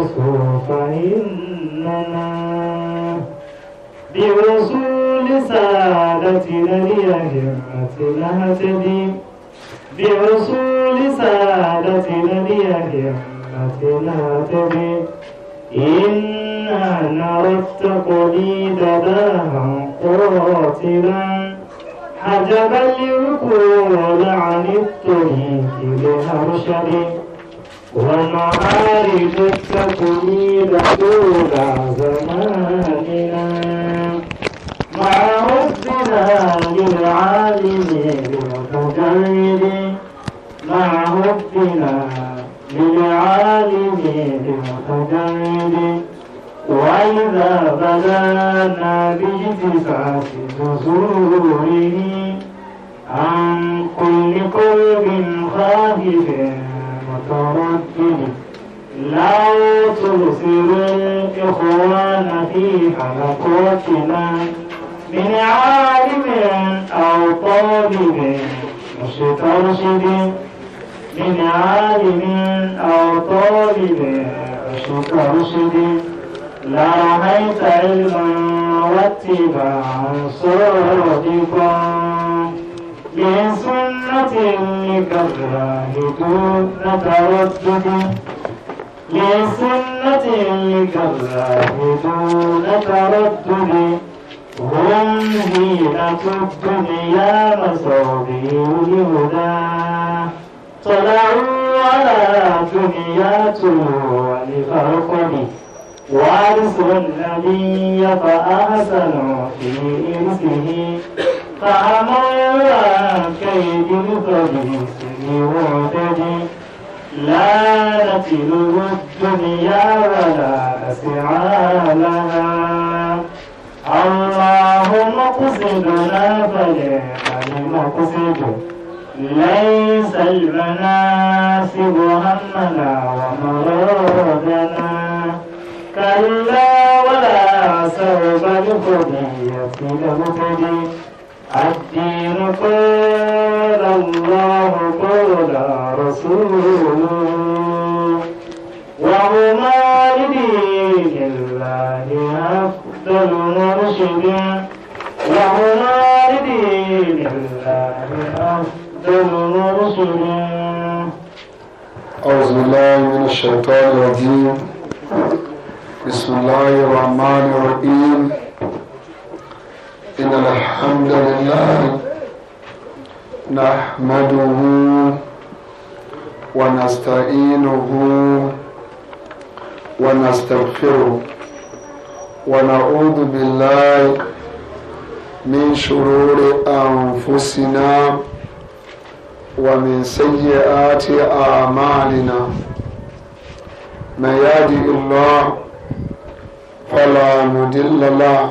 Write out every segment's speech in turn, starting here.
الكفر فإنما برسول سادتنا ليهمة نهتدي برسول سادتنا ليهمة نهتدي إنا نرى التقليد باها قاتلا حجبا ليكون عن الطريق بهرشد ومعارف التقويم طول زماننا مع حبنا للعالم المتجرد مع حبنا للعالم المتجرد وإذا بدأنا بالتفات نزوره عن كل قلب خائف متركه لا تبصروا إخوان في حلقاتنا من عالم أو طالب مسترشد من عالم أو طالب مسترشد لا رأيت علما واتباعا صادقا من سنة كالراهدون تردد من سنة كالراهدون تردد هم هينة الدنيا مصابيح لهداه طلعوا على دنيا طلوع لفرقد وارث النبي فأحسنوا في إرثه فأمر كيد البدر وعدد لا نتلو الدنيا ولا نسعى لها الله مقصدنا فنعم المقصد ليس المناسب همنا ومرادنا كلا ولا سوف نقضي في المقضي الدين قال الله قال رسوله وهما لدين الله أفضل مرشد وهما لدين الله أفضل مرشد أعوذ بالله من الشيطان الرجيم بسم الله الرحمن الرحيم إن الحمد لله نحمده ونستعينه ونستغفره ونعوذ بالله من شرور أنفسنا ومن سيئات أعمالنا من يهده الله فلا مضل له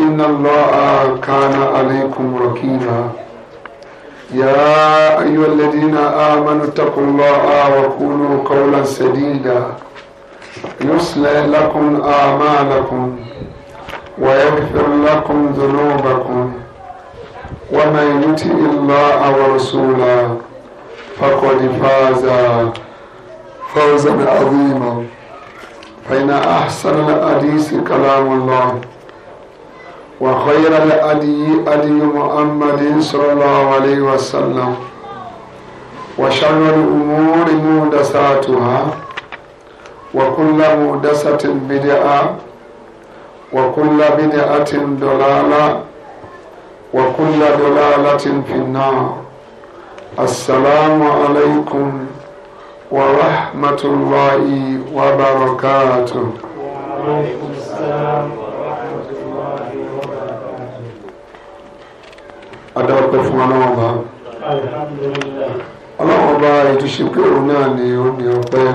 إن الله كان عليكم وكيلا يا أيها الذين آمنوا اتقوا الله وقولوا قولا سديدا يصلح لكم أعمالكم ويغفر لكم ذنوبكم ومن يطع الله ورسوله فقد فاز فوزا عظيما فإن أحسن الحديث كلام الله وخير الأدي أدي محمد صلى الله عليه وسلم وشر الأمور مودساتها وكل مودسة بدعة وكل بدعة ضلالة وكل ضلالة في النار السلام عليكم ورحمة الله وبركاته وعليكم السلام adáwọ́pẹ́ fún ọlọ́run ọba ọlọ́run ọba ètò ìṣèpé òun náà ni ó ní ọpẹ́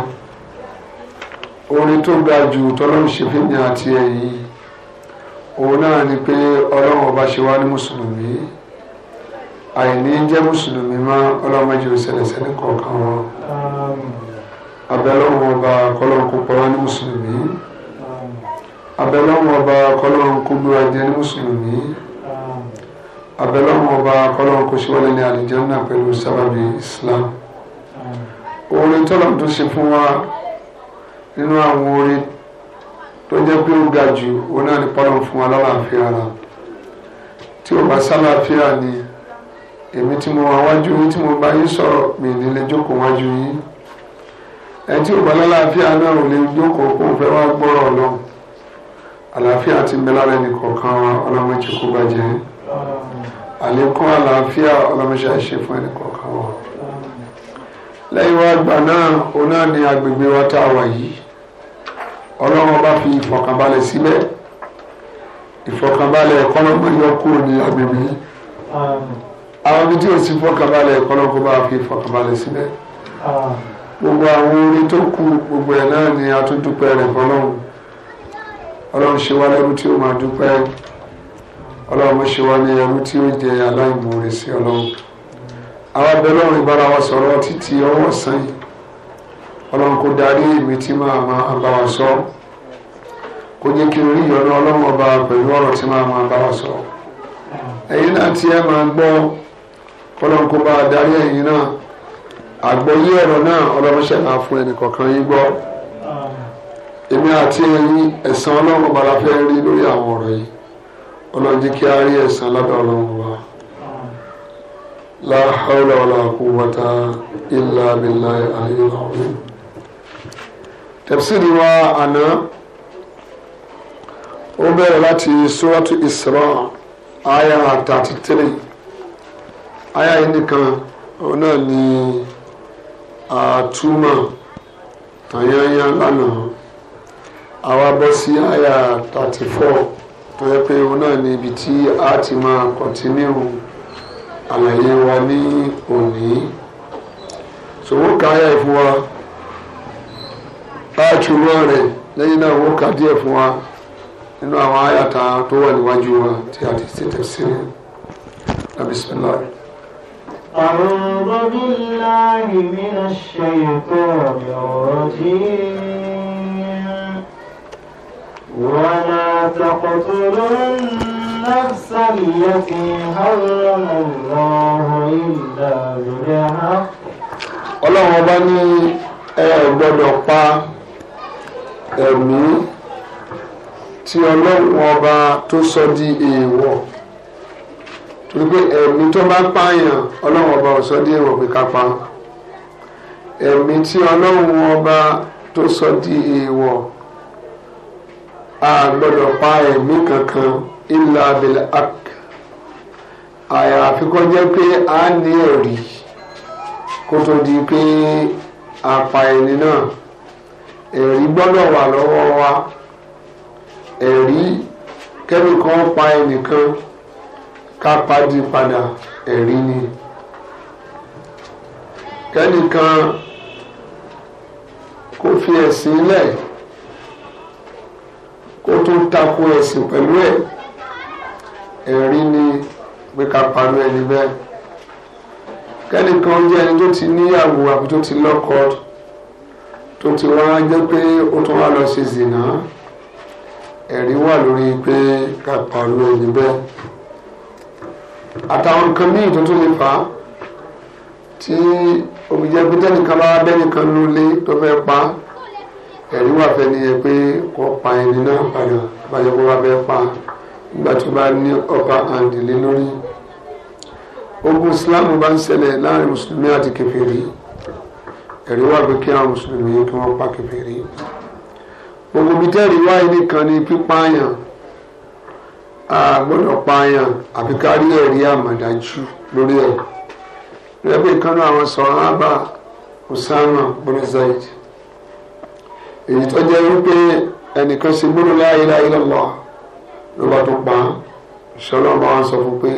orin tó ga jù tọ́lọ́run ṣe fún mi àti ẹ̀yìn òun náà ni pé ọlọ́run ọba ṣe wá ní mùsùlùmí àìní jẹ́ mùsùlùmí má ọlọ́run méjì ò ṣẹlẹ̀ sẹ́ni kọ̀ọ̀kan wọn abẹ́lọ́run ọba kọ́lọ́run kó pọ̀ wá ní mùsùlùmí abẹ́lọ́run ọba gbé wa ní mùsùlùmí abẹ́lọ́wọ́ ọba kọ́lọ́wọ́ kò ṣe wọlé ní àlìjánná pẹ̀lú sábàbí islam orin tọ́lọ̀ tó ṣe fún wa nínú àwọn orin tó jẹ́ pé ó ga jù òun náà ní pọ́lọ̀ fún wa lálàáfíà ara tí ò bá sálàáfíà ni èmi tí mo wá wájú yín tí mo bá yín sọ̀rọ̀ mi nílé jókòó wájú yín ẹni tí ò bá lálàáfíà náà ò lè jókòó kó fẹ́ wá gbọ́rọ̀ lọ àlàáfíà ti ń ẹnì kọ̀ọ̀kan ọlọ́mọ ìjẹ́kú bàjẹ́ àlékún àlàáfíà ọlọ́mọṣẹ́ ṣe fún ẹnì kọ̀ọ̀kan wọn. lẹ́yìn wá gbà náà òun náà ní agbègbè wa tá a wà yìí ọlọ́run bá fi ìfọ̀kànbalẹ̀ sílẹ̀ ìfọ̀kànbalẹ̀ ẹ̀kọ́lọ́gbọ́n yọ kúrò ní agbègbè yìí. àwọn ibi tí ò sí ìfọ̀kànbalẹ̀ ẹ̀kọ́lọ́gbọ́n bá fi ìfọ̀kànbalẹ̀ sílẹ̀. gbogbo àwọn orin tó kù gbogbo ẹ̀ náà ni a tún dúpẹ́ rẹ̀ fọlọ́run ọlọ́run ṣe wá lẹ́rú tí ó máa dúpẹ́ rẹ̀. ọlọ́run ṣe wá ní ẹrú tí ó jẹ aláìmoore sí ọlọ́run àwọn abẹ́lọ́run ìbára wa sọ̀rọ̀ títí ọwọ́ sàn yìí ọlọ́run kò darí èmi tí máa ma bá wa sọ kò jẹ́ kí n rí ìyọ̀nà ọlọ́run ọba pẹ̀lú ọ̀rọ̀ tí máa bá wa sọ ẹ̀yin náà tí ẹ máa gbọ́ ọlọ́run kò bá darí ẹ̀yin náà náà ọlọ́run ṣẹ̀ máa fún ẹnì kọ̀ọ̀kan yín gbọ́ èmi àti ẹ̀yin ọlọ́run ọba la fẹ́ ọlọ́run jẹ́ kí a rí ẹ̀san lọ́dọ̀ ọlọ́run wa la hawla wala quwwata illa billahi aliyil azim tafsiri wa àná ó bẹ̀rẹ̀ láti suratu Isra aya thirty three aya yìí nìkan òun náà ni àtúmọ̀ tàyányá lánàá àwa bọ́ sí aya thirty tó pé òun náà ni ibi tí a ti máa kọ̀ntínú àlàyé wa ní òní sòwò káyà fún wa bá a túmọ̀ rẹ̀ lẹ́yìn náà wọ́n kà díẹ̀ fún wa nínú àwọn àyàtà tó wà níwájú wa tí a ti tètè sí ní bismillah. أعوذ بالله من الشيطان الرجيم ولا تقتلوا النفس التي حرم الله إلا بالحق ọlọ́run ọba ní ẹ gbọ́dọ̀ pa ẹ̀mí tí ọlọ́run ọba tó sọ di èèwọ̀ torí pé ẹ̀mí tó bá pààyàn ọlọ́run ọba ò sọ di èèwọ̀ pé ká pa ẹ̀mí tí ọlọ́run ọba tó sọ di èèwọ̀ a gbọ́dọ̀ pa ẹ̀mí kankan illa bil haqq àyàfi kó jẹ́ pé a ní ẹ̀rí kó tó di pé a pa ẹni náà ẹ̀rí gbọ́dọ̀ wà lọ́wọ́ wa ẹ̀rí kẹ́nìkan pa ẹnìkan ká padì padà ẹ̀rí ni kẹ́nìkan kó fi ẹ̀sìn lẹ̀ ó tún tako ẹ̀sìn pẹ̀lú ẹ̀ ẹ̀rí ni pé ká parú ẹni bẹ́ẹ̀ kẹ́nìkan jẹ́ ẹni tó ti níyàwó àbí tó ti lọ́kọ tó ti wá jẹ́ pé ó tún wá lọ ṣe zìnà ẹ̀rí wà lórí pé ká parú ẹni bẹ́ẹ̀ àtàwọn nǹkan míì tó tún lè fà á tí òbí jẹ́ pé tẹ́nìkan bá bẹ́nìkan lólé tó fẹ́ pa á ẹ̀rí wà fẹ́ ni yẹ pé kọ́ pa ẹni náà padà bàjẹ́ kó wá fẹ́ pa nígbà tó bá ní ọba àǹdílé lórí ogun Islam bá ń ṣẹlẹ̀ láàrin mùsùlùmí àti kèfèrí ẹ̀rí wà pé kí àwọn mùsùlùmí kí wọ́n pa kèfèrí gbogbo bitẹ́ẹ̀rì wáyé nìkan ni pípààyàn a gbọ́dọ̀ pààyàn àfi ká ẹ̀rí àmọ̀dájú lórí ẹ̀ lẹ́gbẹ̀ẹ́ kan náà àwọn sọ̀rọ̀ ábà Usama bin èyí tó jẹ́ wípé ẹnìkan ṣe múlò la ilaha illallah ló bá tó pa ṣọlọ́ bá wá sọ fún pé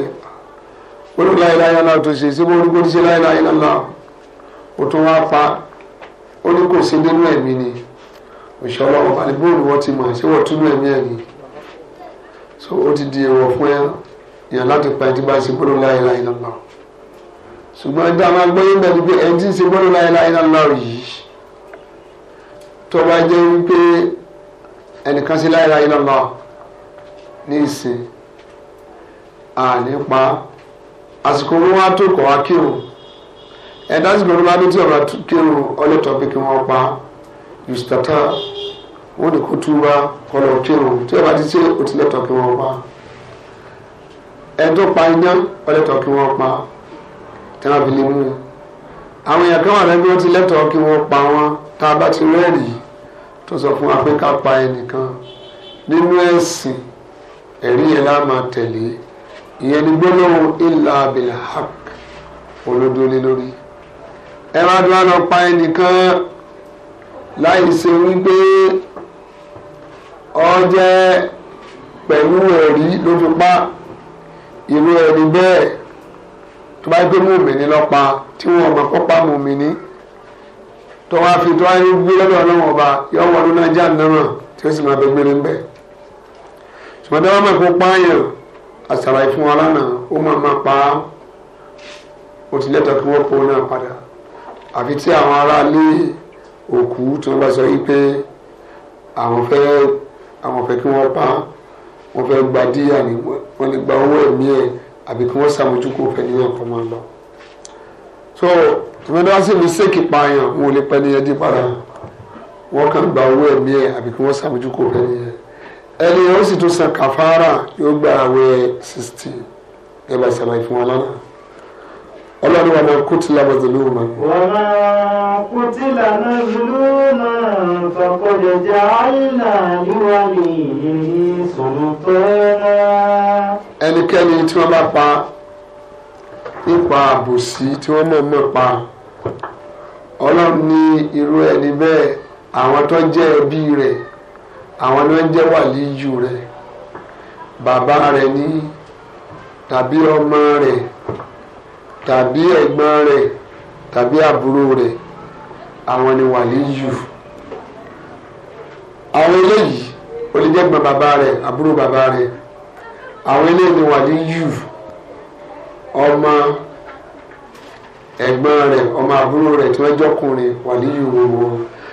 múlò la ilaha illallah tó ṣe sí múlò kó ṣe la ilaha illallah ó tún wá pa ó ní kò sí nínú ẹ̀mí ni òṣèlú ọba ní bóòlù wọn ti mọ̀ ṣé wọ́n túnú ẹ̀mí ẹ̀ ni so ó ti di èèwọ̀ fún ẹ yàn láti pa ẹtí bá ṣe gbọ́dọ̀ la ilaha illallah ṣùgbọ́n ẹ̀dá máa gbọ́ bẹ́ẹ̀ ni pé ẹtí ṣe gbọ́dọ̀ la ilaha illallah yìí tó bá jẹ́ wípé ẹnìkan sí la ilaha illallah ní ìsìn ànípa àsìkò wọn wá tó kọ̀ wá kírun ẹ̀dá àsìkò wọn bá dé tí ọ̀rọ̀ kírun ọlọ́tọ̀ pé kí wọ́n pa yustata wọn ni kó túbà kọlọ̀ kírun tí ọba ti ṣe òtílẹ̀tọ̀ kí wọ́n pa ẹ̀dọ́ pa iná ọlọ́tọ̀ kí wọ́n pa tí mú àwọn èèyàn kan wà lẹ́gbẹ́ wọn ti lẹ́tọ̀ọ́ kí wọ́n pa wọn tá a bá ti rẹ́rìí tó sọ fún wa pé ká pa ẹnìkan nínú ẹ̀sìn ẹ̀rí yẹn lá máa tẹ̀lé ìyẹn ní gbólóhùn ilà abilhak olódólé lórí ẹ má dúró lọ pa ẹnìkan láì ṣe wípé ọ jẹ́ pẹ̀lú ẹ̀rí ló pa irú ẹni bẹ́ẹ̀ tó bá gbé mòmìnì lọ tí wọ́n mọ̀ kó pa tó wá fi tó wáyé gbé lọ́dọ̀ ọlọ́run ọba yọ wọnú náà já náà tí ó sì máa bẹ gbére ń bẹ ṣùgbọ́n tí wọ́n máa kó pààyàn àṣàlàyé fún wa lánàá ó máa máa pa á ó ti lẹ́tọ̀ọ́ kí wọ́n po náà padà àfi tí àwọn aráalé òkú tí wọ́n bá sọ yìí pé àwọn fẹ́ àwọn fẹ́ kí wọ́n pa á wọ́n fẹ́ gba díyà ni wọ́n lè gba owó ẹ̀mí ẹ̀ àbí kí wọ́n ṣàmójúkò fẹ́ ní ẹ̀kọ́ máa lọ so ìwé náà sì mistake pààyàn wọn ò lè pẹ́ ní ẹdí padà wọn kàn gba owó ẹ̀mí ẹ̀ àbí kí wọ́n sàmójúkò rẹ̀ nìyẹn ẹni yẹn ó sì tún san kàfàrà yóò gba àwẹ̀ sixteen ẹ bá ṣàlàyé fún wa lánàá ọlọ́run wa máa kutila mazluma. wa máa kutila mazluma faqad ja'alna liwalihi sultana. ẹnikẹ́ni tí wọ́n bá pa nípa àbòsí tí wọ́n mọ̀ mọ̀ pa ọlọ́run ní irú ẹni bẹ́ẹ̀ àwọn tó jẹ́ ẹbí rẹ̀ àwọn ni wọ́n jẹ́ wàlíyù rẹ̀ bàbá rẹ̀ ní tàbí ọmọ rẹ̀ tàbí ẹ̀gbọ́n rẹ̀ tàbí àbúrò rẹ̀ àwọn ni wàlíyù àwọn eléyìí ó bàbá rẹ̀ àbúrò bàbá rẹ̀ àwọn eléyìí ni wàlíyù ọmọ ẹ̀gbọ́n rẹ̀ ọmọ àbúrò rẹ̀ tí wọ́n jọkùnrin wàlíyù gbogbo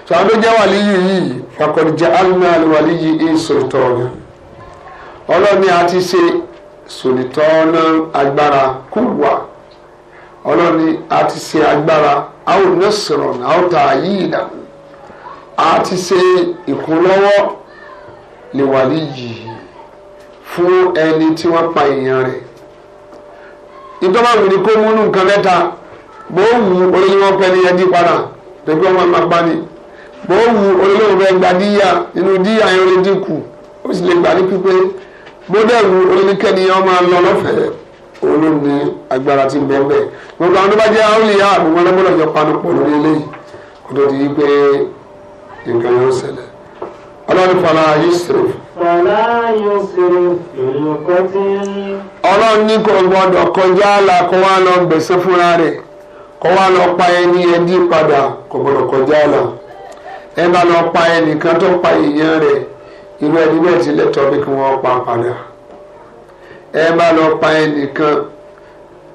tó àwọn tó jẹ́ wàlíyù yìí fakọ̀dìjà alimọ̀ wàlíyù ìsòtọ́ọ̀nù ọlọ́ni àti ṣe sòlítọ́ọ̀nù agbára kúwà ọlọ́ni àti ṣe agbára àwọn nẹ́sọ̀rọ̀ àwọn tà yí ìdààmú àti ṣe ìkúnlọ́wọ́ lè wàlíyù fún ẹni tí wọ́n pa èèyàn rẹ̀ ìtọ́ba wù ní kó mú nǹkan mẹ́ta bó olóyún ọ̀pẹ ni ẹdí padà tẹ̀gbí ọmọ àmà pa ni bó wù olóyún ọ̀pẹ gba díyà inú díyà yẹn lè dínkù ó sì lè gbà ní pípé bó dẹ̀ wù olóyún kẹ́ni ọmọ lọ lọ́fẹ̀ẹ́ olóyún ní agbára ti bẹ́ẹ̀ bẹ́ẹ̀ gbogbo àwọn tó bá jẹ́ àwòlíyà àbùmọ́ lọ́gbọ́dọ̀ jọ panu pọ̀ lórí eléyìí kó tó di pé nǹkan yóò ṣẹlẹ̀ ọlọ́run fọlá yusuf ọlọ́run ní kò gbọ́dọ̀ kọjá àlà kó wá lọ gbẹ̀sẹ̀ fúnra rẹ̀ kó wá lọ pa ẹni ẹdí padà kò gbọ́dọ̀ kọjá àlà ẹ bá lọ pa ẹnìkan tó pa èèyàn rẹ̀ irú ẹni bẹ́ẹ̀ ti bí kí wọ́n pa padà ẹ bá lọ pa ẹnìkan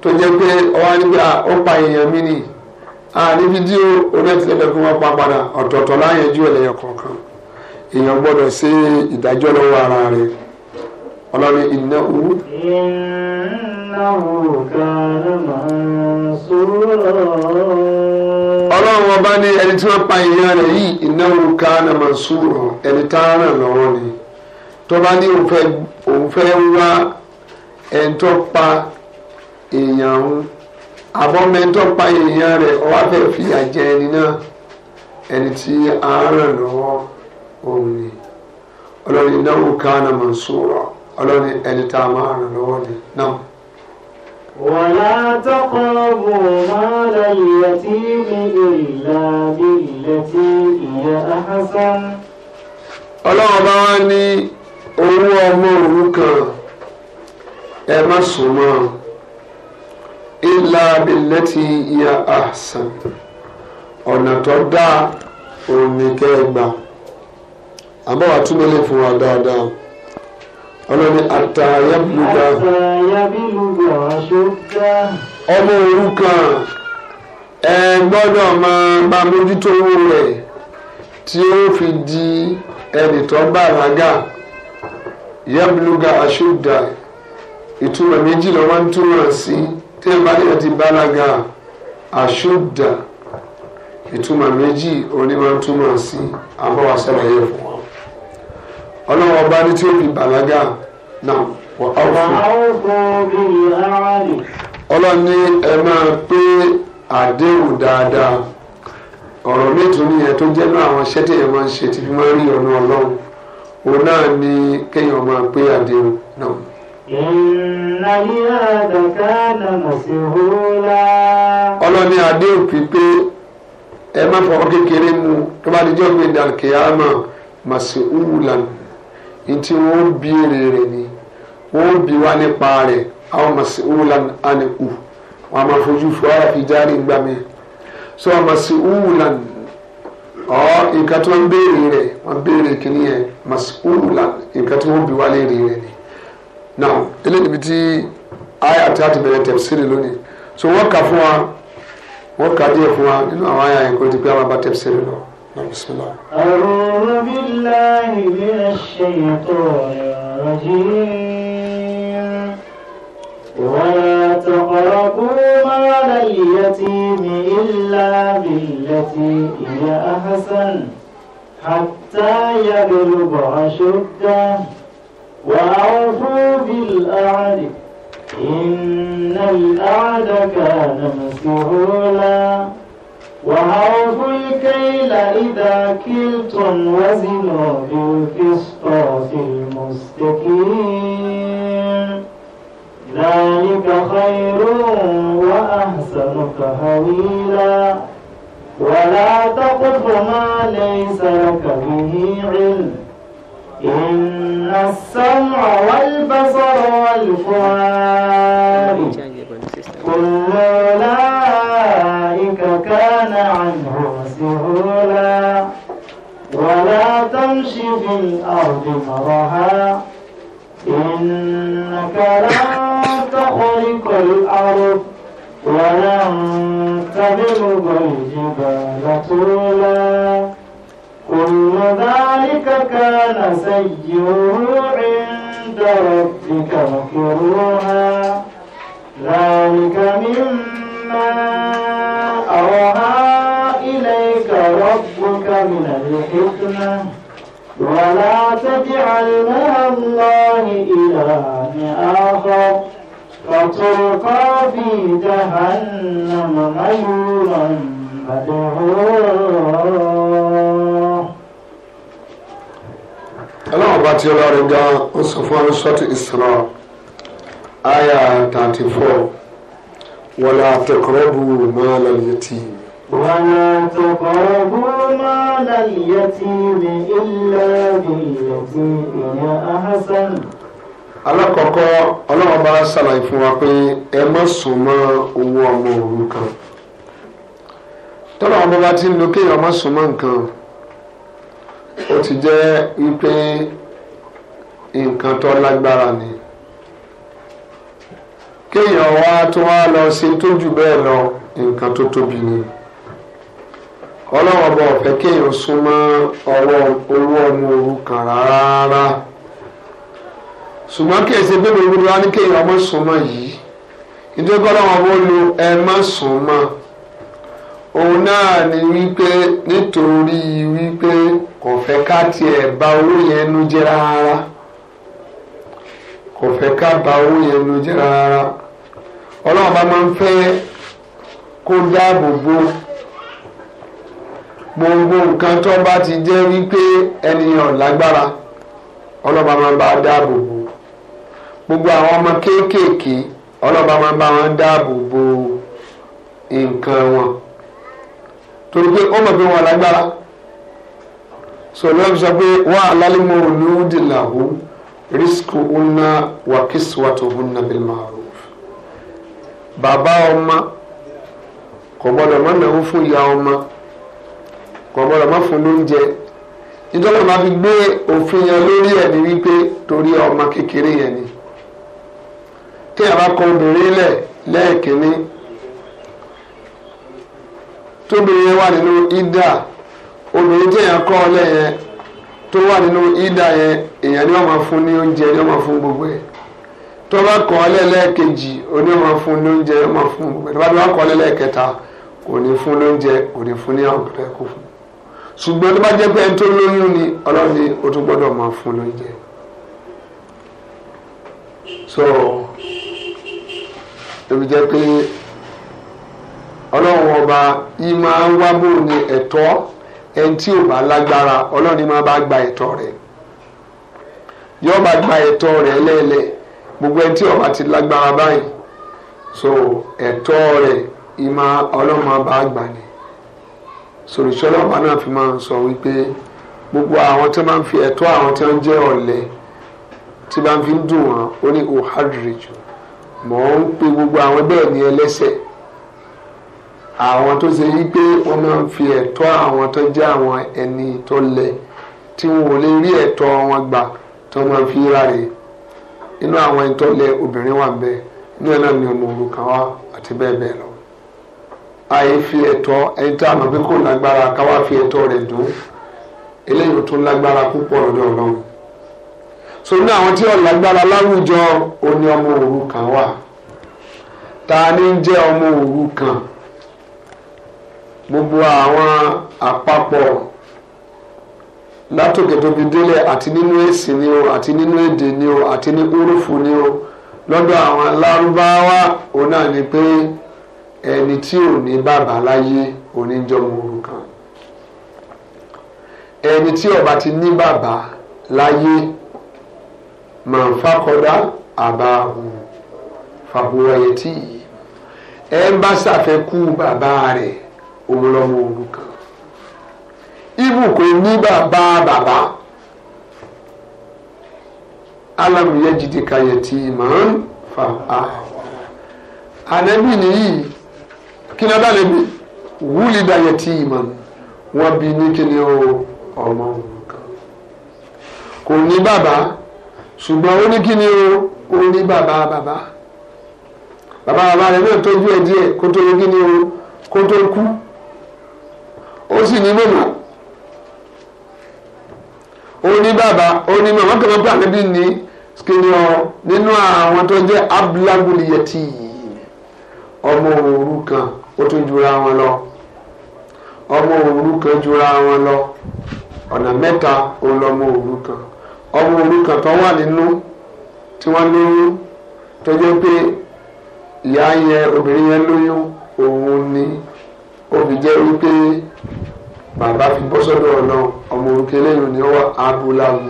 tó jẹ́ pé ọwọ́ nígbà ó pa èèyàn mí nì àní fídíò kí wọ́n pa padà ọ̀tọ̀ọ̀tọ̀ láyẹ̀jú èèyàn gbọ́dọ̀ ṣe ìdájọ́ lọ́wọ́ ara rẹ̀ ọlọ́ni iná owó. ọlọ́run ọba ní ẹni tí wọ́n pa ìyá rẹ̀ yìí iná owó kánà mansúrò ẹni tá a ràn lọ́wọ́ ni tó bá ní òun fẹ́ wá ẹni tó pa èèyàn ń abọ́mẹ́tọ́ pa èèyàn rẹ̀ ọwọ́ fẹ́ fìyà jẹ ẹni náà ẹni tí a ràn lọ́wọ́ òun ni ọlọ́run innahu kana mansura ọlọ́run ẹni tá a máa ràn lọ́wọ́ ni náà. ولا تقربوا مال اليتيم إلا بالتي هي أحسن ọlọ́run bá wá ní owó ọmọ òrukàn ẹ má sùn mọ́ ilà abilẹ́tì ìyá àṣà ọ̀nà tó dáa òun ni kẹ́ ẹ gbà àbá wa túbọ̀ lè fún wa dáadáa ọlọ́ni àtàyà bìlúgà ọmọ òrukàn ẹ gbọ́dọ̀ máa bá mójútó owó rẹ̀ tí ó fi di ẹnì tó bàlágà yabluga aṣọ́dà ìtumọ̀ méjì ló máa ń túmọ̀ sí tí ẹ bá lè ti bàlágà aṣọ́dà ìtumọ̀ méjì òní máa ń túmọ̀ sí àbáwá sọ̀rọ̀ yẹn fún wa ọlọ́run ọba ní tí ó fi bàlágà náà wọ ọfún ọlọ́run ní ẹ máa pé àdéhùn dáadáa ọ̀rọ̀ mẹ́tò nìyẹn tó jẹ́ náà àwọn iṣẹ́ tí èèyàn máa ń ṣe tí fi máa rí ọ̀nà ọlọ́run òun náà ni kéèyàn máa pé àdéhùn náà. Inna yada kana mashhula. ọlọ́ni àdéhùn pípé ẹ má fọwọ́ kékeré mu tó bá di jọ́ gbé dàkíyàmà màsíhùlà ntí wọn ó bí ni wọn ó bí wá nípa rẹ̀ àwọn masiwulan aniku wọn a máa fojú fo ara fi járe gbà mí so masiwulan ọ nǹkan tí wọn béèrè rẹ̀ wọn béèrè kìíní yẹn e. masiwulan nǹkan tí wọn bí wá léèrè ni now eléyìí bí ti ayé àti àti bẹ̀rẹ̀ lónìí so wọ́n kà fún wa wọ́n kà díẹ̀ fún wa nínú àwọn ayé àyẹ̀kọ́ ti pé àwọn abá tẹ̀síìrì lọ. نعم، بسم الله أعوذ بالله من الشيطان الرجيم ولا تقربوا مال اليتيم إلا بالتي هي أحسن حتى يبلغ أشده وأوفوا بالأعد إن الأعد كان مسؤولا وأوفوا الكيل إذا كلتم وزنوا بالقسطاس المستقيم ذلك خير وأحسن تهويلا ولا تقف ما ليس لك به علم إن السمع والبصر والفؤاد كل لا كان عنه مسؤولا ولا تمش في الأرض مرها إنك لن تخرق الأرض ولن تبلغ الجبال طولا كل ذلك كان سيئه عند ربك مكروها ذلك مما أوحى إليك ربك من الحكمة ولا تجعل مع الله إلها آخر فتلقى في جهنم ميولا مدحورا ọlọ́run ọba tí ọlọ́run gan ń sọ fún ọ́nṣọ́tì Isra aya thirty four. ولا تقربوا مال اليتيم ولا تقربوا مال اليتيم إلا بالتي هي أحسن alákọ̀ọ́kọ́ ọlọ́run bá ṣàlàyé fún wa pé ẹ má sùn mọ́ owó ọmọ òrukàn tọ́lá ọmọ bá ti ń lo kéèyàn má sùn mọ́ nǹkan ó ti jẹ́ wípé nǹkan tó lágbára ni kéèyàn wá tó wá lọ sí tójú bẹ́ẹ̀ lọ nǹkan tó tóbi ni ọlọ́wọ́ bọ̀ fẹ́ kéèyàn súnmọ́ ọwọ́ owó ọmọ òrukàn rárá ṣùgbọ́n kí èsì bíbélì gbogbo wa ní kéèyàn ọmọ súnmọ́ yìí nítorí pé ọlọ́wọ́ bó lu ẹ má súnmọ́ òun náà ni wípé nítorí wípé kò fẹ́ ká tiẹ̀ bà owó yẹn nu jẹ́ rárá kò fẹ́ ká bà owó yẹn nu jẹ́ rárá ọlọ́run bá máa ń fẹ́ kó dáàbò bo gbogbo nǹkan tó bá ti jẹ́ wípé ènìyàn lágbára ọlọ́ba máa bá dáàbò bo gbogbo àwọn ọmọ kéékèèké ọlọ́ba máa bá wọn dáàbò bo nǹkan wọn torí pé ó mọ̀ pé wọn lágbára sọlá sọ pé wà á mọ́ òun dìlà ó rísíkù òun náà wà kí sùwàtò òun bàbá ọmọ kò gbọ́dọ̀ má náwó fún ìyá ọmọ kò gbọ́dọ̀ má fún lóúnjẹ nítorí wọn máa fi gbé òfin yẹn lórí ẹ̀ ní wípé torí ọmọ kékeré yẹn ni tí a bá kọ obìnrin lẹ̀ lẹ́ẹ̀kínní tóbìnrin yẹn wà nínú ìdá obìnrin tí èèyàn kọ́ ọ lẹ́yìn tó wà nínú ìdá yẹn èèyàn ni wọ́n máa fún ní oúnjẹ ni wọ́n máa fún gbogbo ẹ̀ tó bá kọ́ ọ lẹ́lẹ́kejì onímọ̀ fún lóúnjẹ mọ̀ fún tó bá tó bá kọ́ ọ lẹ́lẹ́kẹta kò ní fún lóúnjẹ kò ní fún ní àwọn kò fún ṣùgbọ́n tó bá jẹ́ pé ẹni tó lóyún ni ọlọ́run ni ó tún gbọ́dọ̀ máa fún lóúnjẹ. so ebi jẹ́ pé ọlọ́run ọba yìí máa ń wá bò ní ẹ̀tọ́ ẹni tí ò bá lágbára ọlọ́run ni máa bá gba ẹ̀tọ́ rẹ̀ yọ́ọ́ bá gba ẹ̀tọ́ rẹ̀ lẹ́lẹ́ẹ̀ gbogbo ẹni tí ọba ti lágbára báyìí so ẹ̀tọ́ rẹ̀ ìmọ̀ ọlọ́mọ bá gbà ní sòrìṣẹ́ ọlọ́mọ náà fi máa ń sọ wípé gbogbo àwọn tí wọ́n máa ń fi ẹ̀tọ́ àwọn tí wọ́n jẹ́ ọ̀lẹ tí wọ́n fi ń dùn wọn ó ní ohadriju mọ̀ ń pe gbogbo àwọn bẹ́ẹ̀ ní ẹlẹ́sẹ̀ àwọn tó ṣe yí pé wọ́n máa ń fi ẹ̀tọ́ àwọn tó jẹ́ àwọn ẹni tó lẹ tí wọn ò lè rí ẹ̀tọ́ wọn gbà tó máa ń fi ra rèé inú àwọn ẹni tó lẹ obìnrin wà bẹ́ẹ̀ inú ẹ̀ náà ni ọmọ òrukàn wà àti bẹ́ẹ̀ bẹ́ẹ̀ lọ. àyè fi ẹ̀tọ́ ẹni tá a mọ̀ pé kò lágbára káwá fi ẹ̀tọ́ rẹ̀ dùn eléyìí tó lágbára púpọ̀ lọ́dọ̀ ọlọ́run. so inú àwọn tí ó lágbára láwùjọ òní ọmọ òrukàn wà ta ni ń jẹ́ ọmọ òrukàn gbogbo àwọn àpapọ̀ látòkè tóbi délẹ̀ àti nínú èsì ni o àti nínú èdè ni o àti ní orúfù ni o lọ́dọ̀ àwọn lárúbáwá òun náà ni pé ẹni tí ò ní bàbá láyé oníjọmọ òrukàn ẹni tí ó bá ti ní bàbá láyé màá fàkọdá àbá òun fàbúrọ̀yẹ tí ẹ bá ṣàfẹ́kù bàbá rẹ̀ òun lọ́mọ òrukàn ibu kò ní bàbá bàbá alamu yẹ jìdí kàyẹ tí fa a. Ànábì nìyí kí ni adáàlẹ́ bi wúlì dàyẹ tí màá wọ́n bí ní kíni o ọmọ kan. Kò ní bàbá ṣùgbọ́n ó ní kíni o ó ní bàbá bàbá. Bàbá bàbá rẹ̀ náà tọ́jú ẹ̀ díẹ̀ kó tó ní kíni o kó tó kú. Ó sì ní mọ̀mọ́ ó ní bàbá ó ní màmá kan máa bá ànábì ní kíni ọ nínú àwọn tó jẹ́ abúlágbòlìyẹtì ọmọ òrukàn ó tún jura wọn lọ ọmọ òrukàn jura wọn lọ ọ̀nà mẹ́ta òun lọmọ òrukàn ọmọ òrukàn tó wà nínú tí wọ́n lóyún tó jẹ́ pé ìyá yẹn obìnrin yẹn lóyún òun ni òbí jẹ́ wípé bàbá fi bọ́ sọ́dọ̀ ọ̀nà ọmọ orúkọ eléyìí ni ó wà abúláwù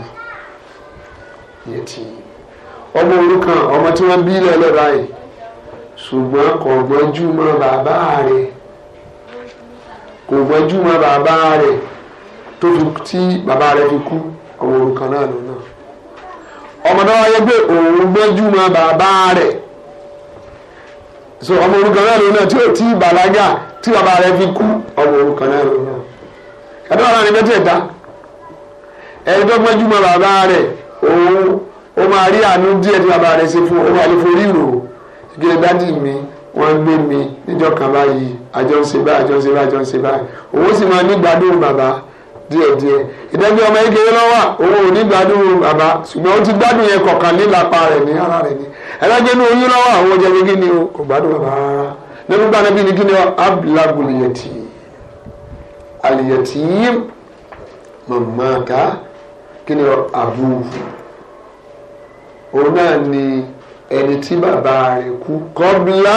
yẹn ti ọmọ orúkọ ọmọ tí wọ́n bí lẹ́lẹ́ báyìí ṣùgbọ́n kò gbọ́njú mọ́ bàbá rẹ̀ kò gbọ́njú mọ́ bàbá rẹ̀ tó fi tí bàbá rẹ̀ fi kú ọmọ orúkọ náà ló náà ọmọ náà wáyé pé òun gbọ́njú mọ́ bàbá rẹ̀ so ọmọ orúkọ náà ló náà tí ò tí ì bàlágà tí bàbá rẹ̀ fi kú ọmọ orúkọ náà ló náà ẹ̀dọ́ ara rẹ̀ mẹ́tẹ̀ẹ̀ta ẹni tó gbẹ́jú mọ́ bàbá rẹ̀ òun ó máa rí àánú díẹ̀ tí bàbá rẹ̀ ṣe fún ó máa rò ìgbélé dádì mi wọ́n gbé mi níjọ́ kan báyìí àjọ ń ṣe báyìí àjọ ń ṣe báyìí àjọ ń ṣe báyìí òun sì máa ní gbádùn bàbá díẹ̀díẹ̀ ìdẹ́bí ọmọ égéré lọ́wọ́ òun ò ní gbádùn bàbá ṣùgbọ́n ó ti gbádùn yẹn kọ̀ọ̀kan nílapa rẹ̀ ní ara rẹ̀ ni ẹlẹ́gbẹ́nu oyún lọ́wọ́ àwọn ọjà gbégbé ni o kò gbádùn bàbá rárá nínú gbàdúrà bíi ní kí ni abdulagul yẹtì aliyatim mamaka kí ni abu òun náà ni ẹni tí bàbá rẹ̀ kú kọ́bílá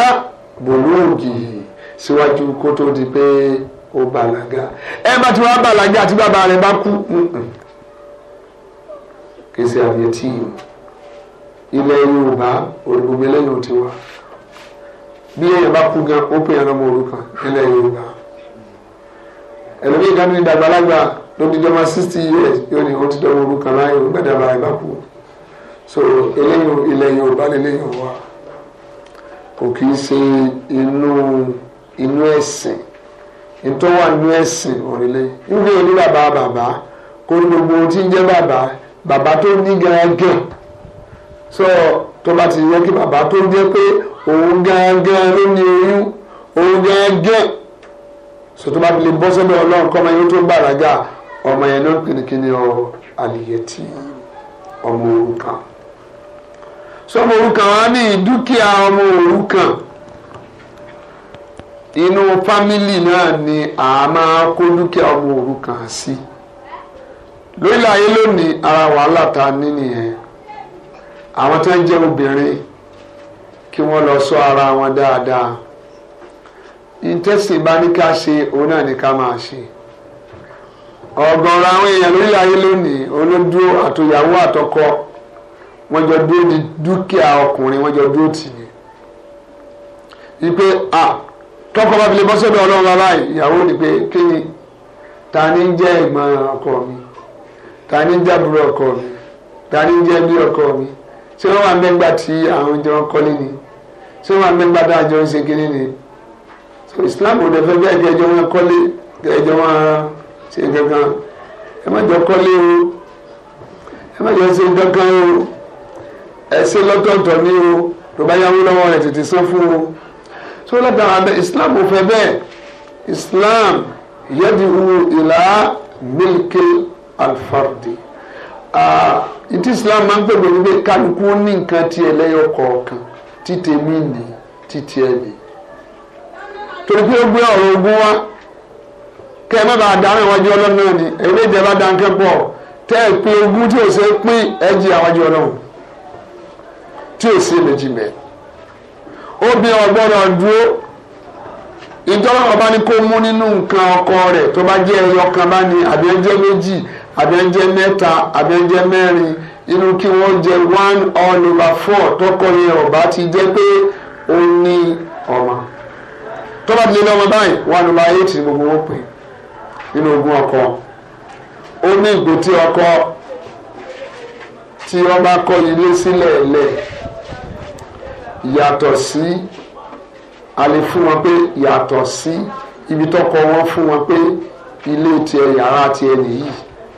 bòlóògì síwájú kó tó di pé ó bàlágà ẹ bá ti wá bàlágà tí bàbá rẹ̀ bá kú kì í ilẹ̀ yorùbá olùgbòmí lẹ́yìn òtí wa bí èèyàn bá kú gan ó pè é lọ́mọ orúkọ ilẹ̀ yorùbá ẹlòmíì kan ní dàgbàlagbà ló ti jọmọ sixty years yóò ní o ti dọ̀ wọ́n kan láàyè o gbẹ̀dẹ̀ àbáyé bá kú so eléyìí ilẹ̀ Yorùbá lélẹ́yìn wa kò kì í ṣe inú inú ẹ̀sìn ntọ́ wà nínú ẹ̀sìn òrìlẹ̀ nígbà yẹn ní bàbá bàbá kó ní gbogbo ohun tí ń jẹ́ bàbá bàbá tó ní gángan sọ tó bá ti yẹ kí bàbá tó jẹ́ pé òun gángan ló ní oyún òun gángan sọtọ́ bá fi lè bọ́ sọ́dọ̀ ọlọ́run kọ́ ọmọ yẹn tó gbàràgà ọmọ yẹn náà kìnnìkìnnì ọ àlìyẹtì ọmọ òrukàn sọmọ òrukàn wa ní dúkìá ọmọ òrukàn inú fámìlì náà ni a máa kó dúkìá ọmọ òrukàn sí lórílẹ̀ ayé lónìí ara wàhálà ta ní nìyẹn àwọn tí wọ́n jẹ́ obìnrin kí wọ́n lọ ṣọ́ ara wọn dáadáa ìtẹ̀sìn bá ní ká ṣe òun náà ní ká máa ṣe ọ̀gọ̀ọ̀rọ̀ àwọn èèyàn lórí ayé lónìí olódúró àtòyàwó àtọkọ wọ́n jọ dúró di dúkìá ọkùnrin wọ́n jọ dúró tì í wípé a tọkọ bá fi lè bọ́ sọ́dọ̀ ọlọ́run bàbá ìyàwó ni pé kí ni ta ni ń jẹ́ ẹ̀gbọ́n ọkọ mi ta ni ń jẹ́ àbúrò ọkọ mi ta ni ń jẹ́ ẹbí ọkọ mi ṣé wọ́n wà mẹ́gbà tí àwọn jọ ń kọ́lé ni ṣé wọ́n wà mẹ́gbà tá a jọ ń ṣe kéré ni Islam ò dẹ̀fẹ́ bẹ́ẹ̀ kí ẹjọ́ wọn kọ́lé kí ẹjọ́ wọn ṣe kankan ẹ má jọ kọ́lé o ẹ má jọ ṣe kankan o ẹ ṣe lọ́tọ̀ọ̀tọ̀ ní o tó bá yáwó lọ́wọ́ rẹ̀ tètè san fún o tó lọ́tàrà bẹ́ẹ̀ Islam ò fẹ́ bẹ́ẹ̀ Islam yẹ́dì hu ìlà milkil alfardi ìdí Islam máa ń pè pé kálukú ní nǹkan tiẹ̀ lẹ́yọ̀ kọ̀ọ̀kan títẹ̀ mí nì títẹ̀ ẹ̀ nìyí torí pé ó gbé ọ̀rọ̀ ogun wá kẹ́ ẹ má bàa dáná ìwájú ọlọ́run náà ni èyí lè jẹ́ bá dáńkẹ́ pọ̀ tẹ́ ẹ pé ogun tí ò ṣe é pín ẹ jí àwájú ọlọ́run tí ò sí méjì mẹ́ obìnrin ọgbọ́dọ̀ dúró ìjọba ọba ni kó mú nínú nǹkan ọkọ rẹ̀ tó bá jẹ́ ẹyọ kan bá ní àbí ẹjẹ́ méjì àbí ẹjẹ́ mẹ́ta àbí ẹjẹ́ mẹ́rin inú kí wọ́n jẹ one all over four tọkọ yẹn ọba ti jẹ́ pé ó ní ọmọ tọ́ba ti lé lọ́mọ báyìí wà ló máa eight gbogbo wọn pè nínú ogún ọkọ ó ní ìgò tí ọkọ tí ọba kọ́ ilé sílẹ̀ lẹ̀ yàtọ̀ sí a lè fún wọn pé yàtọ̀ sí ibi tọkọ wọn fún wọn pé ilé tiẹ̀ yàrá tiẹ̀ nìyí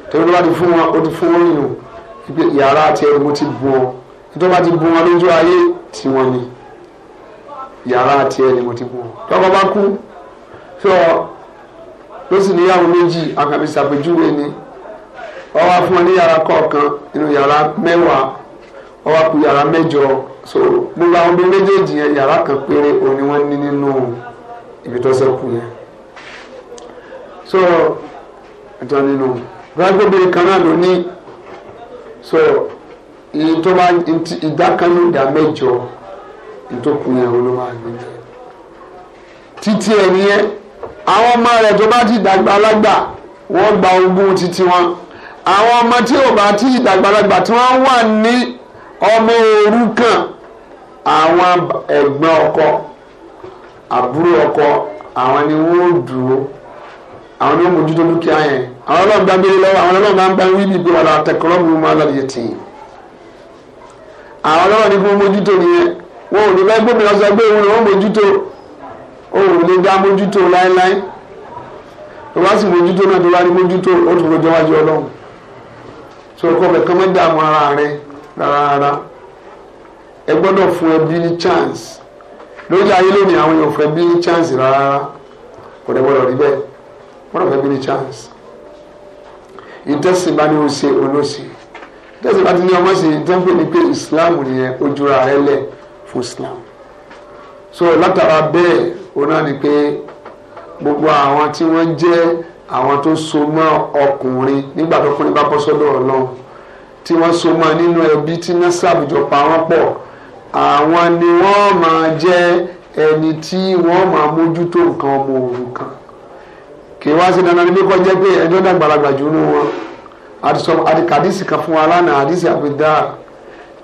torí ló bá ti fún wọn ó ti fún wọn nínú yàrá tiẹ̀ mo ti bù wọn nítorí bá ti bù wọn lójú ayé tiwọn ni yàrá tiẹ̀ ni mo ti kú tọ́kọ bá kú sọ ló sì níyàwó méjì akàbí ṣàpèjúwe ni ó wá fún ọ ní yàrá kọ̀ọ̀kan nínú yàrá mẹ́wàá ó wá kù yàrá mẹ́jọ so gbogbo àwọn bíi méjèèjì yẹn yàrá kan péré òun ni wọ́n ní nínú ibi tó ṣẹ́kù yẹn so ẹ̀tọ́ nínú gbàgbọ́bí kan náà ló ní so ìdá kan ní ìdá mẹ́jọ. So, nítòkù yẹn ló máa gbé jẹ títí ẹni yẹn àwọn ọmọ rẹ̀ tó bá ti dàgbà alágbà wọ́n gba ogún títí wọn àwọn ọmọ tí ò bá ti dàgbà alágbà tí wọ́n wà ní ọmọ òrukàn àwọn ẹ̀gbọ́n ọkọ àbúrò ọkọ àwọn ni wọ́n dúró àwọn ni wọ́n mójútó dúkìá yẹn àwọn ọlọ́run gbá gbélé lọ́wọ́ àwọn ọlọ́run máa ń gbá wíìlì bí wàlá àtẹkọ́rọ́ mi máa lọ́ọ́ tì àwọn ọlọ́run ni kí mójútó nìyẹn wọn ò ní bẹ́ẹ̀ gómìnà sọ pé òun lòún mójútó òun ò lè dá mójútó láéláé tó bá sì mójútó náà tó bá ní mójútó ó tún lọ jọwájú ọlọ́run tó o kọ́ bẹ̀ kán mọ́ dààmú ara rẹ rárá ẹ gbọ́dọ̀ fún ẹbí ní chance lórí ayé lónìí àwọn èèyàn fún ẹbí ní chance rárá kò dẹ̀ gbọ́dọ̀ rí bẹ́ẹ̀ gbọ́dọ̀ fún ẹbí ní chance ìtẹ́sìn bá ní o ṣe olóṣì ìtẹ́sìn bá ti ní ọmọ ṣe ìtẹ́sìn pé ní pé ìsìláàmù nìyẹn ojúra rẹ lẹ́ẹ̀ fún Islam so látara bẹ́ẹ̀ òun náà ni pé gbogbo àwọn tí wọ́n jẹ́ àwọn tó so mọ́ ọkùnrin nígbà tó kùnrin bá bọ́ sọ́dọ̀ Ọlọ́run tí wọ́n so mọ́ nínú ẹbí tí násàbù jọ pa wọ́n pọ̀ àwọn ni wọ́n máa jẹ́ ẹni tí wọ́n máa mójútó nǹkan ọmọ òrukàn kì í wá sí dandan níbi kọ́ jẹ́ pé ẹjọ́ dàgbàlagbà jù wọn àti kàdísì kan fún wa lánàá àdísì àbúdá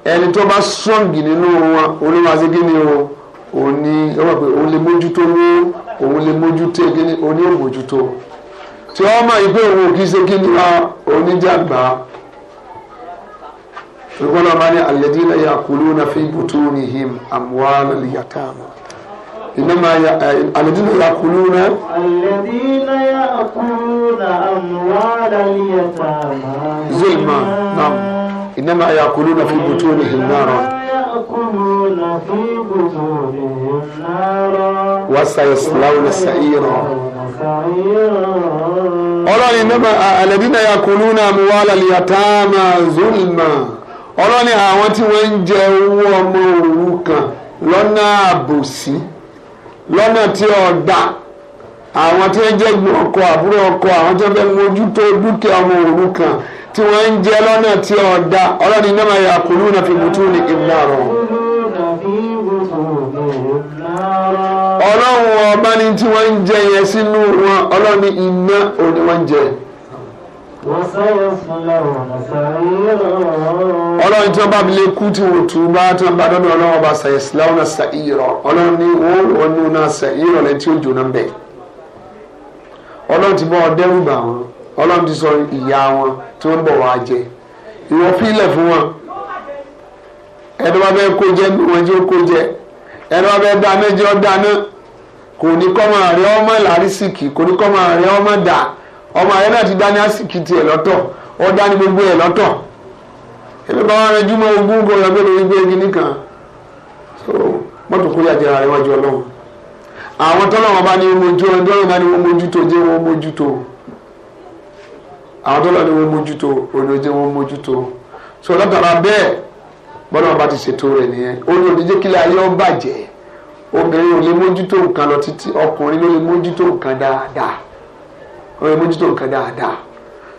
ẹni tó bá strong nínú wọn olówó àti gíní o òní ọmọ pé òun lè mójútó ló òun lè mójútó gíní òní ò mójútó tí wọ́n mọ̀ ìpé òun ò kí ṣe gíní wa oníjàgbá ìgbọ́n náà máa ní alladhina ya'kuluna fi butunihim amwalal yatama. إنما ي... الذين يأكلون الذين يأكلون أموال اليتامى ظلما نعم إنما يأكلون في بطونهم نارا وسيصلون سعيرا ọlọ́run ìnáma àlẹ́dínà yakuluna àmúwálà lìyàtàmà zulma ọlọ́run àwọn tí wọ́n ń jẹ owó ọmọ òrukàn lọ́nà àbòsí lọ́nà tí ọ̀dà àwọn tí wọ́n jẹ́ ìgbìmọ̀ ọkọ àbúrò ọkọ àwọn tí wọ́n fẹ́ mójútó dúkìá ọmọ òrukàn tí wọ́n ń jẹ lọ́nà tí ọ̀dà ọlọ́ni náà yà kúrú náà fi bùtú ní ìlà rọ̀. ọlọ́run ọba ni tí wọ́n ń jẹ yẹn sínú wọn ọlọ́ni iná òní wọ́n ń jẹ. ọlọ́run tí wọ́n bá bilé kú tí wọ́n tù bá tí wọ́n bá dọ́dọ̀ ọlọ́run ọba sàyẹ̀sìláwọ́n náà sàyẹ̀rọ̀ ọlọ́run ni wọ́n wọ́n nù náà sàyẹ̀rọ̀ lẹ́tí ó jóná bẹ́ẹ̀ ọlọ́run ti bọ́ ọ dẹ́rùbà wọn ọlọ́run ti sọ ìyá wọn tí wọ́n ń bọ̀ wá jẹ ìwọ fílẹ̀ fún wọn ẹni wọn bẹ kó jẹ wọn jẹ kó jẹ ẹni wọn bẹ dáná jẹ ọ dáná kò ní kọ́ máa rẹ ọmọ làrísìkì kò ní kọ́ máa rẹ ọmọ dà ọmọ rẹ náà ti dání àsìkì tiẹ̀ lọ́tọ̀ ọ dání gbogbo ẹ̀ lọ́tọ̀ ẹni bá wọn rẹ júmọ́ ogún kò yọ gbẹdọ̀ gbẹdọ̀ nìkan so mọ́tò kúrò àjẹrà rẹ wájú ọlọ́run àwọn tọ́lọ́wọ́n bá ní mojú ọ̀rọ̀ tọ́lọ́wọ́n bá ní wọ́n mójútó jẹ́ wọ́n mójútó àwọn tọ́lọ́wọ́n ní wọ́n mójútó òní jẹ́ wọ́n mójútó so látara bẹ́ẹ̀ bọ́lọ́wọ́n bá ti ṣètò rẹ̀ nìyẹn òní òdíjẹ́ kílẹ̀ ayé ó bàjẹ́ obìnrin ò lè mójútó nǹkan lọ títí ọkùnrin ló lè mójútó nǹkan dáadáa ó lè mójútó nǹkan dáadáa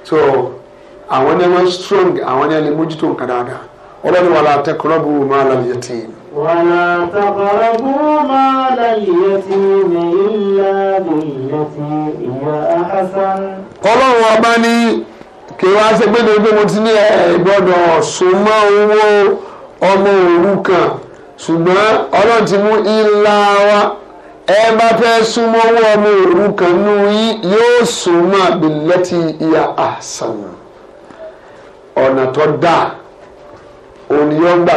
so àwọn ẹni wọn strong àwọn ẹni wọn lè mójútó nǹkan dáadáa ọlọ́ni wàhálà tẹkọ̀rọ̀ bù wọn máa lọ yẹtìmù ولا تقربوا مال اليتيم إلا بالتي هي أحسن ọlọ́run ọba ní wá ṣe pé lójú mo ti ní ẹ gbọ́dọ̀ owó ọmọ òrukàn ṣùgbọ́n ọlọ́run ti mú ilá wa ẹ bá fẹ súnmọ́ owó ọmọ nù yín yóò ìyá àṣàn ọ̀nà tó òun ni yóò gbà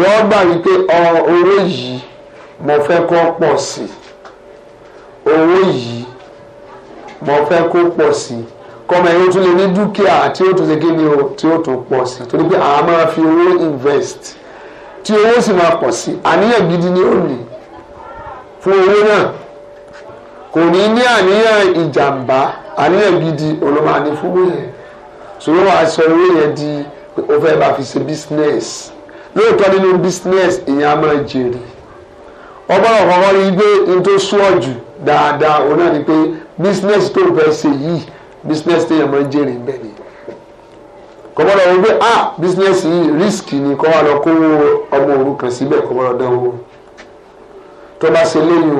yóò gbà wípé owó yìí mo fẹ́ kó pọ̀ sí owó yìí mo fẹ́ kó pọ̀ sí kọ́mọ ẹ̀yìn tún lè ní dúkìá tí ó tún ṣe kíni tí ó tún pọ̀ sí torí pé àwọn máa fi owó invest tí owó sì máa pọ̀ sí àníyàn gidi ni ó ní fún owó náà kò ní ní àníyàn ìjàmbá àníyàn gidi olóma ní fún owó yẹn sọlọ́wọ́ aṣọ owó yẹn di o fẹ́ bá fi ṣe business lóòótọ́ nínú business ìyẹn a máa jèrè ọgbọ́dọ̀ kọ́kọ́ rí i n tó sùọ́ jù dáadáa òun náà ni pé business tó fẹ́ ṣe yìí business téèyàn máa jèrè ń bẹ̀ ni kọ́mọ́dọ̀ wọ́n gbé ah business yìí risk ni kọ́ wa lọ kó ọmọ òrukàn síbẹ̀ kọ́mọ́dọ̀ dánwó tó bá ṣe léyìn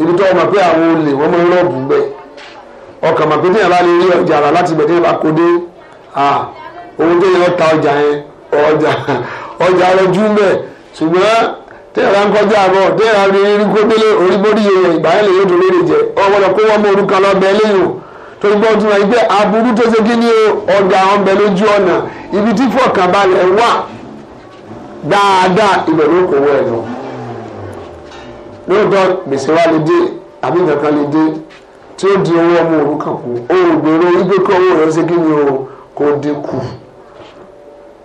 o ibi tó pé àwọn olè wọ́n ọkàn mọ̀ pé téèyàn bá lè rí ọjà rà láti bẹ̀tẹ̀ bá kó dé owó téèyàn ta ọjà yẹn ọjà ọjà rọjú mẹ́ ṣùgbọ́n téèyàn bá ń kọjá àbọ̀ téèyàn rí rí kó délé oríbórí yẹn ìgbà yẹn lè yóò tó lórí jẹ ọgbọ́dọ̀ kó wọ́n mọ orúkọ lọ bẹ́ẹ̀ léyìn tó gbọ́ tún wáyé pé aburú tó ṣe kí ni ọjà wọn bẹ lójú ọ̀nà ibi tí fọkànbalẹ̀ wà dáadáa ibẹ̀ ló kò wọ ẹ̀ lọ lóòótọ́ gbèsè wa lè dé àbí nǹkan kan lè dé tí ó di owó ọmọ òrukàn kù ó gbèrò ibi kí owó rẹ̀ ṣe kí ni o kò dínkù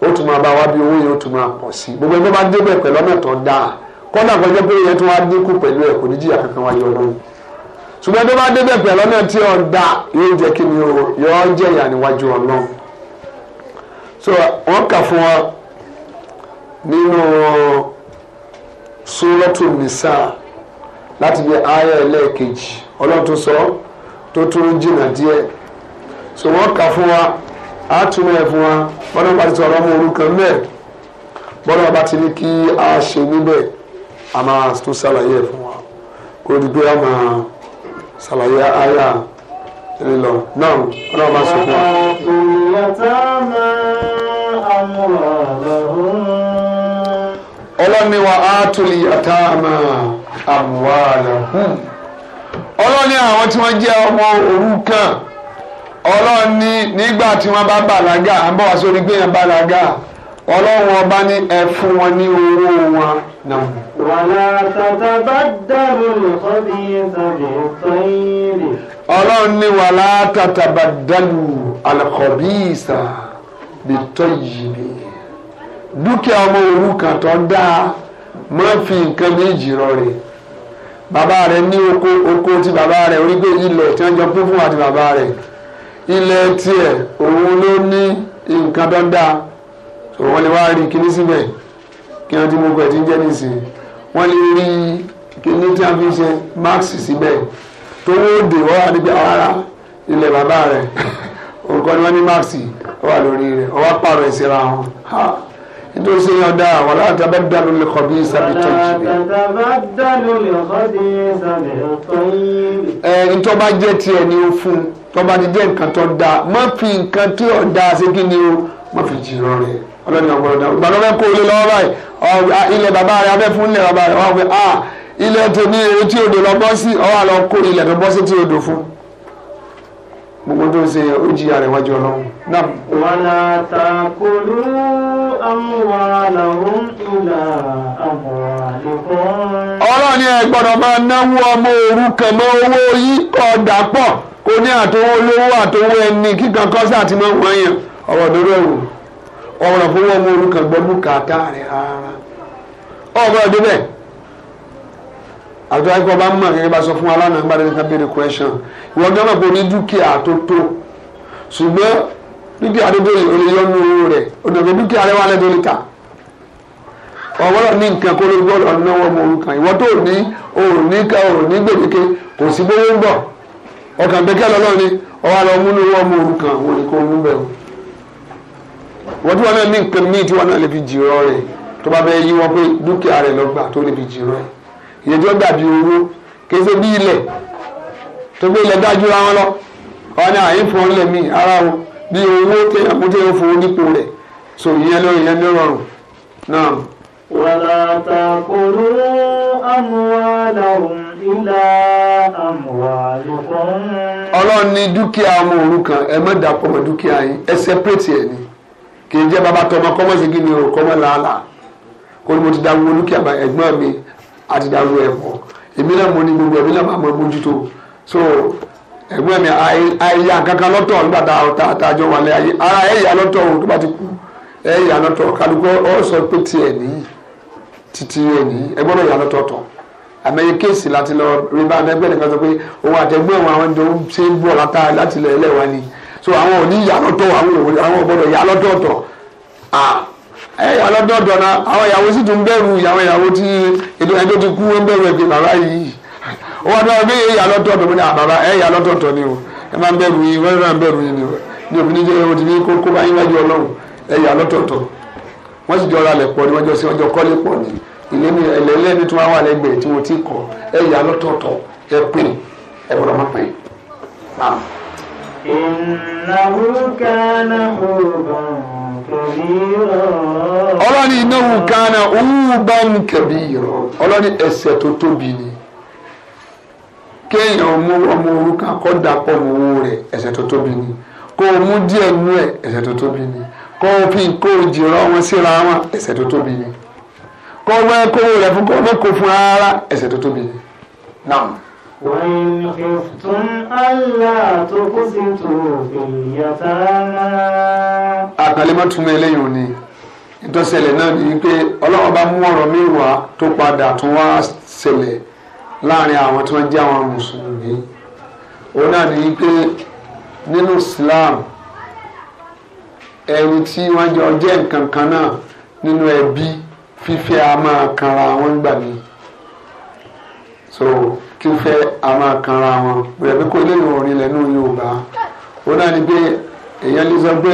ó tún máa bá wá bí owó yẹn ó tún máa pọ̀ sí gbogbo ẹni tó bá débẹ̀ pẹ̀lú ọ̀nà tó dáa kọ́nà àgbẹ̀jọ́ pé ìyẹn tó wá dínkù pẹ̀lú ẹ̀ kò ní jìyà kankan wáyé ọlọ́run ṣùgbọ́n tó bá débẹ̀ pẹ̀lú ọ̀nà tí ó yóò jẹ́ kí ni o yóò jẹ́ ìyà níwájú ọlọ́run so wọ́n kà fún wa nínú Suratul Nisa láti bí ayé ẹlẹ́ẹ̀kejì. ọlọ́run tó sọ tó tún jìnnà díẹ̀ so wọ́n kà fún wa á tún ẹ̀ fún wa bọ́dọ̀ bá ti sọ ọlọ́mọ orúkọ mẹ́ẹ̀ bọ́dọ̀ bá ti ní kí a ṣe níbẹ̀ a máa tún ṣàlàyé ẹ̀ fún wa kó a máa ṣàlàyé àyà náà ọlọ́ni àwọn tí wọ́n jẹ́ ọmọ òrukàn ọlọ́ni nígbà tí wọ́n bá bàlágà à ń bọ̀ wá sórí gbé yẹn bàlágà ọlọ́run ọba ní ẹ fún wọn ní owó wọn náà. wàlá tàtàbà dàrú lọ́sọ̀bí tàbí sọ́yìnrì. ọlọ́run ní wàlá tàtàbà dàrú alkọ̀bíìsà bìtọ́ yìí ni dúkìá ọmọ òrukàn tó dáa máa ń fi nǹkan méjì rọrùn bàbá rẹ̀ ní oko oko ti bàbá rẹ̀ orí pé ilẹ̀ tí wọ́n jọ pín fún àti bàbá rẹ̀ ilẹ̀ tiẹ̀ òun ló ní nǹkan dáadáa òun lè wá rí kíní síbẹ̀ kí wọ́n ti mú ọkọ̀ ẹ̀ tí ń jẹ́ nísìnyí wọ́n lè rí kíní tí wọ́n fi ṣe máàkì síbẹ̀ tó wó dè wọ́n wá níbi ara ah, ilẹ̀ bàbá rẹ̀ òun kọ́ ni wọ́n ní máàkì wà lórí rẹ̀ ó pààrọ̀ ìsira wọn nítorí sí yan dáa wọ́n láti tàbá dàlú lè kọ́ bí sábì tó jì bí. ẹ ntọ́ bá jẹ́ tiẹ̀ ni o fún tọ́ bá ti jẹ́ nǹkan tó dáa má fi nǹkan tí ò dáa sí kí ni o má fi jì rọ rẹ̀ ọlọ́ni ọgbọ́n ọ̀dà ìgbà lọ́wọ́ kó ilé lọ́wọ́ báyìí ilẹ̀ bàbá rẹ̀ abẹ́ fún ilẹ̀ bàbá rẹ̀ wọ́n fi ah, ilẹ̀ tèmi èrè tí odò lọ bọ́ sí ọwọ́ àlọ́ kó ilẹ̀ tó bọ́ sí tí odò fún. gbogbo tó ṣe ó jìyà rẹ̀ wájú ọlọ́run náà. wàlá tàkùlù ma na nwa ọlọ́run ni ẹ gbọ́dọ̀ máa náwó ọ òrukàn mọ́ owó yìí kọ́ dàpọ̀ ẹni kíkan kọ́sà àti máa yẹn fún àti wáyé kọ́ bá mọ̀ gẹ́gẹ́ bá sọ fún wa lánàá nígbà tó ń béèrè question ìwọ gánà kò ní dúkìá tó tó ṣùgbọ́n dúkìá tó tó yìí ó lè yọ nínú owó rẹ̀ òdòdó dúkìá rẹ̀ wà lẹ́dọ̀ lè ta ọ̀wọ́rọ̀ ní nǹkan kó ló gbọ́dọ̀ náwó ọmọ òrukàn ìwọ tó ní òní ká òní gbèdéke kò sí gbówó ń bọ̀ ọkàn bẹ́kẹ́ lọ́lọ́ ni ọwọ́ àlọ́ mú ní owó ọmọ òrukàn wọ́n ní kó ń bẹ̀ o wọ́n tí wọ́n náà ní nǹkan míì tí wọ́n náà lè fi jìrọ̀ rẹ̀ tó bá fẹ́ yí wọn pé dúkìá rẹ̀ lọ́gbà tó lè fi jìrọ̀ rẹ̀ ìyẹn tí ó dàbí owó kése bí ilẹ̀ tó gbé ilẹ̀ dájú ra wọn lọ wọn ni àyè fún ọlẹ́ mi ara o bí owó tẹ àmútẹ òfò nípò rẹ̀ so ìyẹn ló ìyẹn ló rọrùn náà. wàlá tàkùrú amúhàlàhùn ilà amúhàlùkùn. ọlọ́run ní dúkìá ọmọ òrukàn ẹ má dàpọ̀ mọ́ dúkìá yín ẹ sẹ́pẹ̀tì ẹ̀ ni kì í jẹ́ bàbá tọmọ kọ́mọ́sí kí o kọ́mọ́ làálàá kó ni mo ti da gbogbo dúkìá ẹ̀gbọ́n mi àti dàrú ẹ̀ pọ̀ èmi náà mo ní gbogbo èmi náà máa mọ mójútó so ẹ̀gbọ́n mi àyà kankan lọ́tọ̀ nígbà tá a jọ wà lẹ́ ayé ara ẹ̀ yà lọ́tọ̀ o tó bá ti kú ẹ̀ yà lọ́tọ̀ kálukú ọ sọ pé tiẹ̀ nìyí títí ẹ̀ nìyí ẹ gbọ́dọ̀ yà lọ́tọ̀ tọ̀ àmẹ́yẹ kéèsì láti lọ rí bá ẹgbẹ́ nìkan sọ pé òun àtẹ̀gbọ́n àwọn àwọn jọ ṣe ń bọ̀ láti ilẹ̀ ẹlẹ́wà ni so àwọn ò ní yà lọ́tọ̀ àwọn ò gbọ́dọ̀ yà lọ́tọ̀ tọ̀ ẹyà lọ́dọọdọ náà àwọn ìyàwó sì tún bẹ̀rù àwọn ìyàwó tí ètò ẹjọ́ ti kú ń bẹ̀rù ẹ̀gbẹ́ bàbá yìí ó wá dáwọ́ bí ẹ̀yà lọ́dọọdọ mi ní àbàbà ni o ẹ máa ń yìí ń yìí ni o ní òbí ní ní bá yín wájú sì ni jọ sí ni ilé tí wà tí ọlọ́ni ináwó kánà ọ̀húnbọ̀n kẹ̀bí yọ̀ ọlọ́ni ẹ̀ṣẹ̀ tó tóbi ni kéèyàn mú ọmọ òrukàn kó dàpọ̀ mọ́ owó rẹ̀ ẹ̀ṣẹ̀ tó tóbi ni kó o mú díẹ̀ nú ẹ̀ ẹ̀ṣẹ̀ tó tóbi ni kó o fi kó jìrọ̀ wọn síra wọn ẹ̀ṣẹ̀ tó tóbi ni kó o wẹ́ kó o rẹ̀ fún kó o fẹ́ fún ara ẹ̀ṣẹ̀ tó tóbi ni. وإن خفتم ألا تقسطوا في اليتامى. àkàlẹ́ mọ́ túmọ̀ eléyìí ò ní ìtọ́sẹ̀lẹ̀ náà ni pé ọlọ́run bá mú ọ̀rọ̀ míì wá tó padà tún wá ṣẹlẹ̀ láàrin àwọn tí wọ́n jẹ́ àwọn mùsùlùmí òun náà ni pé nínú Islam ẹni tí wọ́n jọ jẹ́ nǹkan kan náà nínú ẹbí fífẹ́ a máa kanra wọn gbà ní. so tí ń fẹ́ a máa kanra wọn rẹ̀mí kó eléyìí orin lẹ́nu Yorùbá ó náà ni pé èèyàn lè sọ pé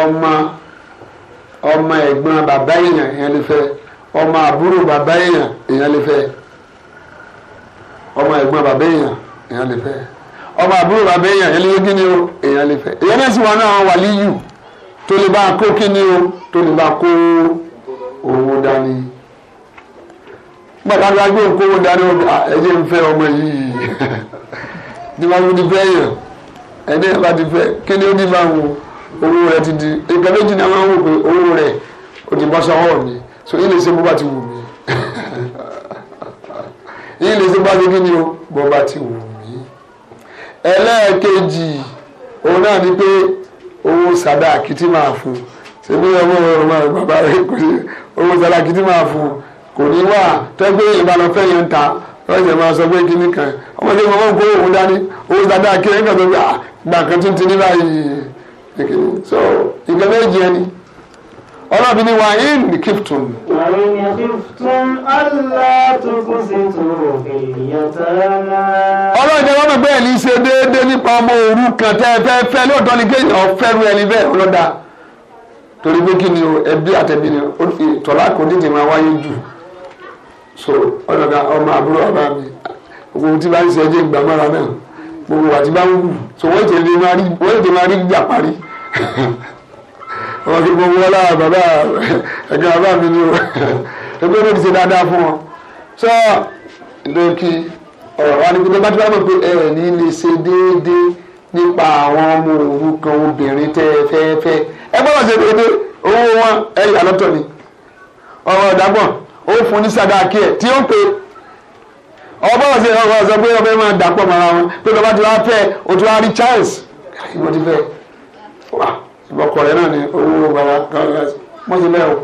ọmọ ọmọ ẹ̀gbọ́n bàbá èèyàn èèyàn lè fẹ́ ọmọ àbúrò bàbá èèyàn èèyàn lè fẹ́ ọmọ ẹ̀gbọ́n bàbá èèyàn èèyàn lè fẹ́ ọmọ àbúrò bàbá èèyàn èèyàn lè yé kíni o èèyàn gbàgbà gba gbé nkówó dání omi ẹyẹ ọmọ yìí ní wọn ti fẹ́ yàn ẹni ẹ bá ti fẹ́ kí ni ó ti máa wo owó rẹ ti di nǹkan méjì náà máa ń wò pé owó rẹ ò ti bọ́ sọ́wọ́ mi so yìí lè ṣe bó bá ti wù mí yìí lè ṣe bó bá ti kí ni o bó bá ti wù mí ẹlẹ́ẹ̀kejì òun náà ni pé owó sàdáàkì tí máa fún ṣe bí ọmọ ọmọ bàbá rẹ kò ṣe owó sàdáàkì tí máa fún un kò ní wà tẹ́gbẹ́ ìbálò fẹ́ yẹn ń ta lọ́sẹ̀ máa sọ pé kíní kan ọmọdé mọ́mọ́ kó òun dání òun dáadáa kí ẹ̀ka tó ah, gbà gbà kan tó ti ní báyìí kíní so nǹkan méjì ẹni ọlọ́bi ni wà ín ní kíftùn. wà ín ní kíftùn aláàtúkùsìtò ìyàtàlá. ọlọ́ọ̀dẹ wọn bẹ̀ bẹ́ẹ̀ ní í ṣe déédéé nípa ọmọ òru kan tẹ́ ẹ fẹ́ fẹ́ lóòótọ́ ni kéèyàn fẹ́rù ẹni bẹ́ẹ̀ ọlọ́dà torí pé kí ni o ẹbí àtẹ̀bí ni tọ́lá kò tètè máa wáyé jù so ọ̀dọ̀dà ọmọ àbúrò ọba mi gbogbo tí bá ń ṣe ẹjẹ́ ìgbà mọ́ra náà gbogbo àti bá ń wù so wọ́n ètè máa rí gbà parí wọ́n ti gbogbo ọlá bàbá ẹ̀gbẹ́ bàbá mi ni o ẹgbẹ́ mi ti ṣe dáadáa fún wọn so lókì ọ̀rọ̀ wa ni pé bá ti bá mọ̀ pé ẹ ní lè ṣe déédéé nípa àwọn ọmọ òrukàn obìnrin tẹ́ ẹ fẹ́ fẹ́ ẹ gbọ́dọ̀ ṣe déédéé owó wọn ẹ̀yà lọ́tọ̀ ni ọ̀rọ̀ ọ̀dàgbọ̀n ó fún ní sàdáàkì ẹ̀ tí ó ń pè ọba ọ̀sẹ̀ ọba ọ̀sẹ̀ pé ọba ẹ̀ máa dàpọ̀ mọ́ra wọn pé bàbá tí wàá fẹ́ o tí wàá rí Charles ìwọ ti fẹ́ ọkọ rẹ náà ni owó bàbá mọ́ sí bẹ́ẹ̀ o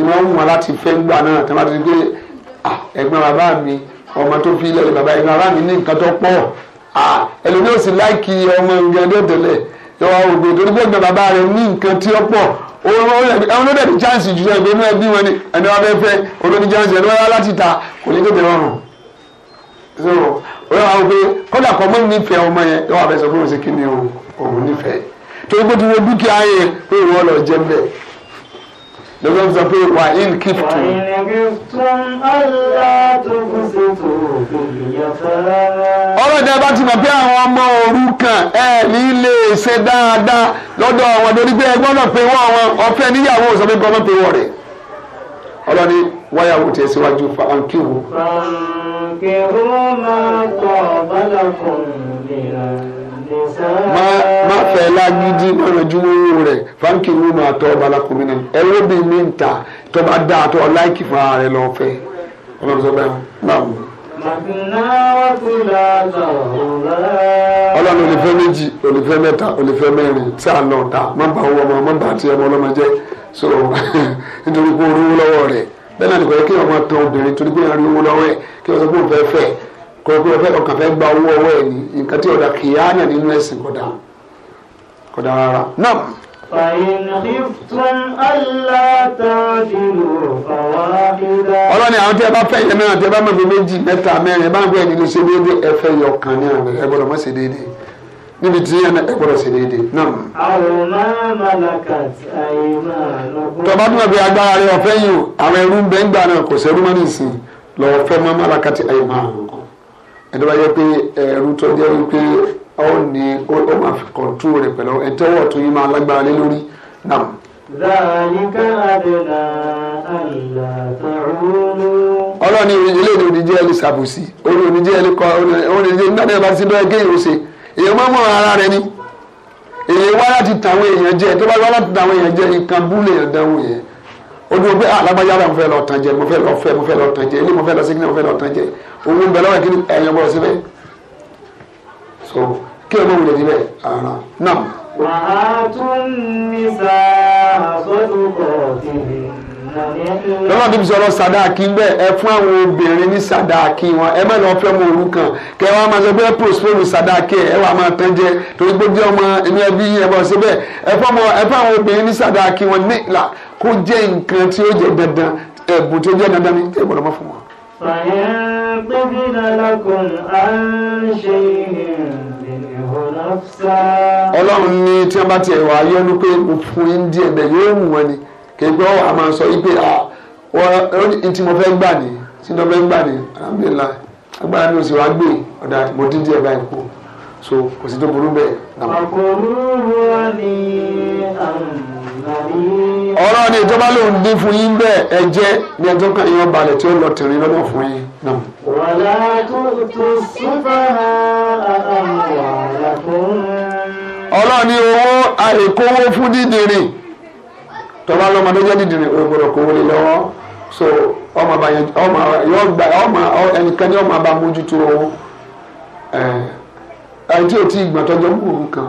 ìmọ̀ ń wọn láti fẹ́ gbà náà tí wọ́n ti gbé ẹ̀gbọ́n bàbá mi ọmọ tó fi ilẹ̀ bàbá ẹ̀gbọ́n bàbá mi ní nǹkan tó pọ̀ ẹlòmíràn sì láìkì ọmọ nǹkan tó tẹ̀lé ìwà ògbò torí pé ẹ̀gbọ́n bàbá rẹ ní nǹkan tí ó pọ̀ àwọn olódẹ̀bí chance jù sọ ìgbónú ẹbí wọn ni ẹni wọn bẹ́ẹ̀ fẹ́ olódì chance ẹni wọn yá láti ta kò ní tètè rọrùn so olóòwò àwọn pé kódà kọ́ mọ́ nífẹ̀ẹ́ ọmọ yẹn lọ́wọ́ abẹ́sọ̀ fún òsèkí ni òun nífẹ̀ẹ́ torí pé tí wọ́n dúkìá yẹn pé ìwọ lọ jẹ́ bẹ́ẹ̀ lọ́wọ́ sọ pé wà in keep to. ọ̀rọ̀ ìjà bá ti mọ̀ pé àwọn ọmọ òrukàn ẹ ní lè ṣe dáadáa lọ́dọ̀ àwọn torí pé ẹgbọ́n náà pé wọ́n àwọn ọ̀fẹ́ níyàwó sọ pé gbọ́n pé wọ́n rẹ̀ ọlọ́ni wáyàwó tiẹ̀ síwájú fa ànkíwò. fàǹkì rúmà kọ́ bálàkùn nìyà. ما fẹ́ lágídí lọ́nàjúmọ́ rẹ̀ fáńkì ló máa tọ́ ọba alákùnrin náà ẹ̀rọ bí mi ń ta tó bá dá a tó ọ láìkì fún ara rẹ̀ lọ fẹ́ ọlọ́run sọ bẹ́ẹ̀ náà wò. ọlọ́run olùfẹ́ méjì olùfẹ́ mẹ́ta olùfẹ́ mẹ́rin tí a lọ ta má bà owó ọmọ má bà tí ọmọ ọlọ́mọ jẹ́ so nítorí pé olówó lọ́wọ́ rẹ̀ bẹ́ẹ̀ náà nìkan kí ọmọ tán obìnrin torí pé ẹ̀rí fẹ́ gba owó ọwọ́ ẹ̀ ní nǹkan tí ọ̀dà kìí á yàn nínú ẹ̀sìn kọ̀dà kò dára rárá náà. فإن خفتم ألا تعدلوا فواحدا. ọlọ́ni àwọn tí ẹ bá fẹ́ yẹn mẹ́rin tí ẹ bá mọ̀ méjì níbi tí ẹ ẹ gbọ́dọ̀ ṣe déédéé náà. àwọn máa malakat aymanukum. tọ́ba tí wọ́n agbára rẹ ọ̀fẹ́ yìí o àwọn ẹrú ń bẹ ń gbà náà kò sẹ́rú mọ́ nísìnyí lọ́wọ́ fẹ́ mọ́ malakat aymanukum ẹ̀dọ́ bá yẹ pé ẹrú tó jẹ́ wípé ó ní ó máa fi kọ̀ǹtú rẹ̀ pẹ̀lú ẹ̀ tẹ́wọ̀ tó yín máa lágbára lé lórí náà. Zalika adna alla ta'ulu. Ọlọ́ni eléyìí oníjẹ́ ẹni ṣàbùsí, orí oníjẹ́ ẹni kọ́ oníjẹ́ nígbàdàn bá ti bẹ́ẹ̀ géèyàn ṣe, èèyàn máa mọ ara rẹ ni. Èèyàn wá láti tàwọn èèyàn jẹ, tó bá wá láti tàwọn èèyàn jẹ, nǹkan búlẹ̀ yàn dánwò yẹn. Ó dúró pé alágbájá ah, rẹ̀ mo fẹ́ lọ tàn jẹ, mo fẹ́ lọ fẹ́, mo fẹ́ lọ tàn jẹ, ilé mo fẹ́ lọ sí kíni mo fẹ́ lọ tàn jẹ, òun bẹ̀ lọ́wọ́ kíni ẹ̀yàn bọ̀ síbẹ̀ so kí ẹ bó wulẹ̀ níbẹ̀ ara náà. wà tún ní sáà sọ́dún kọ̀ lọ́wọ́ bíbí sọ̀rọ̀ sàdáàkì ń bẹ̀ ẹ fún àwọn obìnrin ní sàdáàkì wọn ẹ má lọ fẹ́ mọ òrukàn kẹ wàá máa sọ pé prospero sàdáàkì ẹ wàá máa tán jẹ torí pé bí ọmọ inú ẹbí yẹn bọ̀ síbẹ̀ ẹ fún àwọn obìnrin ní sàdáàkì wọn nílà kó jẹ́ nǹkan tí ó jẹ́ dandan ẹ̀bùn tí jẹ́ dandan ní tẹ̀gbọ́n قبل لكم عن شيء ọlọ́run ní tí wọ́n bá tiẹ̀ wá yẹ́ ní pé fún yín díẹ̀ bẹ́ẹ̀ yóò mú wọn ni kéèpé ọ̀ àmọ́ sọ yí pé ntí mo fẹ́ gbà ní tí mo fẹ́ gbà ní alhamdulilayi agbára mi ò sì wá gbé ọ̀dà mo dín díẹ̀ báyìí kú so kò sí tó burú bẹ́ẹ̀. àkòrò wa ni àmàlí ọ̀rọ̀ ni ìjọba lòun dín fún yín bẹ́ẹ̀ ẹ jẹ́ ní ẹjọ́ kan ìyẹn balẹ̀ tí ó lọ tẹ̀rín lọ́nà fún yín náà. wàlá tuntun súnfà àwọn àlàkùn. ọlọ́run ni owó àìkówó fún dídìrín tọ́ba lọ́mọ tó jẹ́ dídìrín o gbọ́dọ̀ kówó lé lọ́wọ́ so ọmọ bá yẹn ọmọ yọ gba ọmọ ẹnìkan ní ọmọ bá mójútó owó ẹ ẹ tí o ti gbàtọ́jọ́ mú òun kan.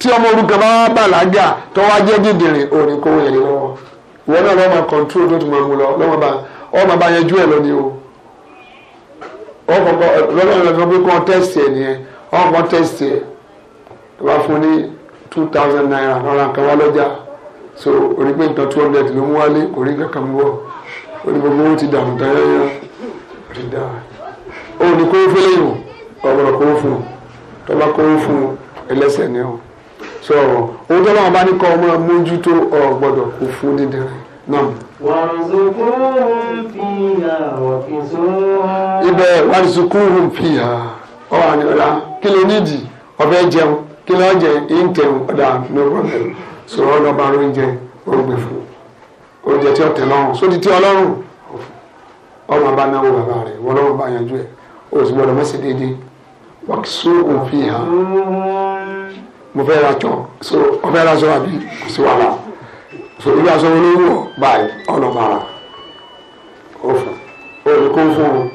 tí ọmọ orúkọ bá bàlágà tó wá jẹ́ dìdìrín òní kó wọ́n yẹn ní lọ́wọ́ ìwọ náà lọ́mọ kọ̀ǹtúrò tó tún máa mú lọ lọ́mọ bá ọmọ bá yẹn jú ẹ̀ lọ ni o ọkọ̀ lọ́dọ̀ lọ́dọ̀ pé kọ́ tẹ́sì ẹ̀ nìyẹn ọkọ̀ tẹ́sì ẹ̀ tó bá fún ní two thousand naira lọ́la kan wá lọ́jà so orí pé nǹkan two hundred ló mú wálé kò rí kankan mú wọ̀ orí gbogbo owó ti dààmú tán yẹ́yẹ́ rí dáa òní kó ẹlẹ́sẹ̀ ni ọ̀hún so ohun tó lọ́wọ́ bá ní kọ́ ọmọ mójútó ọ̀ gbọ́dọ̀ kó fún dídìrín náà. wàrùsùkúrùn fìyà wàkìsùnwá. ibẹ̀ wàrùsùkúrùn fìyà ọ̀hún àníọ̀lá kí ló nídìí ọbẹ̀ jẹun kí ló jẹ ìǹtẹ̀hún ọ̀dà no problem sọ̀rọ̀ ọ̀dọ̀ba oúnjẹ orógbè fún oúnjẹ tí ọ̀tẹ̀ lọ́rùn sódì tí ọlọ́run ọmọ bá náwó bàbá rẹ̀ wọ́n bá yanjú ẹ̀ òsì gbọ́dọ̀ mọ́sí déédéé wàkìsùnwó fìyà mo fẹ́ ra tán so ọ fẹ́ ra sọ àbí kò sí wàhálà so irú aṣọ olówó báyìí ọ̀nà mara ó fún ó lè kó fún un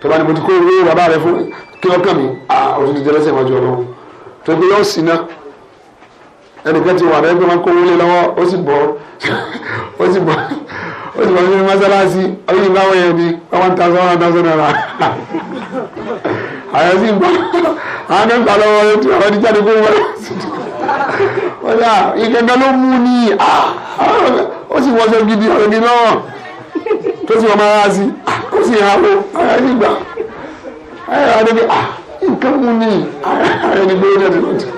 tó bá ní mo ti kó owó bàbá rẹ fún kí ọkàn mi ọdún ti jẹrẹsẹ ìwájú ọlọ́run tó gbé yọ sí náà ẹnìkan ti wà lẹ́gbẹ̀ẹ́ máa ń kó owó lọ́wọ́ ó sì bọ́ ó sì bọ́ ó sì wọ́n ní mọ́sálásí ọdún yìí báwọn yẹn ni one thousand one thousand naira àwọn sì ń bá àwọn ní ìgbà lọ́wọ́ rẹ tí àwọn ìjáde kó wọlé ó dà ìkẹ́kẹ́ ló mú ní ó sì wọ́sọ gidi ọ̀rẹ́ gidi náà tó sì wọ́n máa sí ó sì yà wọ́n ara sì gbà ara rẹ bí nǹkan mú ní ara ẹni gbé lọ́dún lọ́dún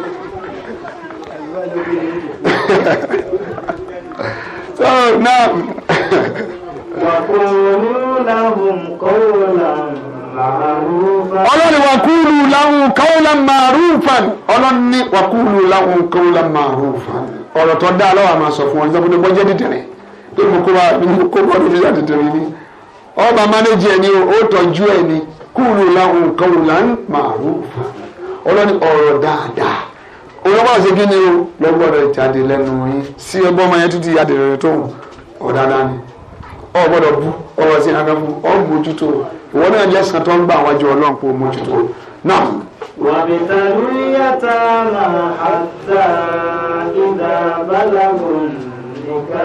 so oh, now. ọlọ́ni wàkúlù láhùn kọ́ọ̀lá màrúfàn ọlọ́ni wàkúlù láhùn kọ́ọ̀lá màrúfàn ọ̀rọ̀ tó dá lọ́wọ́ àmà sọ fún ọ nígbà gbọ́dọ̀ jẹ́ dídìrín tó mú kó bá bọ́ lórí láti dídìrín ni ọba mánéjì ẹni ó tọ́jú ẹni kúlù láhùn kọ́ọ̀lá màrúfàn ọlọ́ni ọ̀rọ̀ dáadáa olóńgbò ṣe kí ni o lọ́gbọ́dọ̀ jáde lẹ́nu yín sí ọgbọ́n ma yẹn tún ti yàdé rẹ̀ tóun ọ̀dàdà ni ọ gbọ́dọ̀ bú ọ̀rọ̀ sí ẹ̀ka fún ọ mójútó ìwọ náà lẹ́sàn tó ń gbà wájú ọlọ́run kó mójútó náà. wàbìtàlú yàtà máa hàtà ìdá bálàgùn nìkan.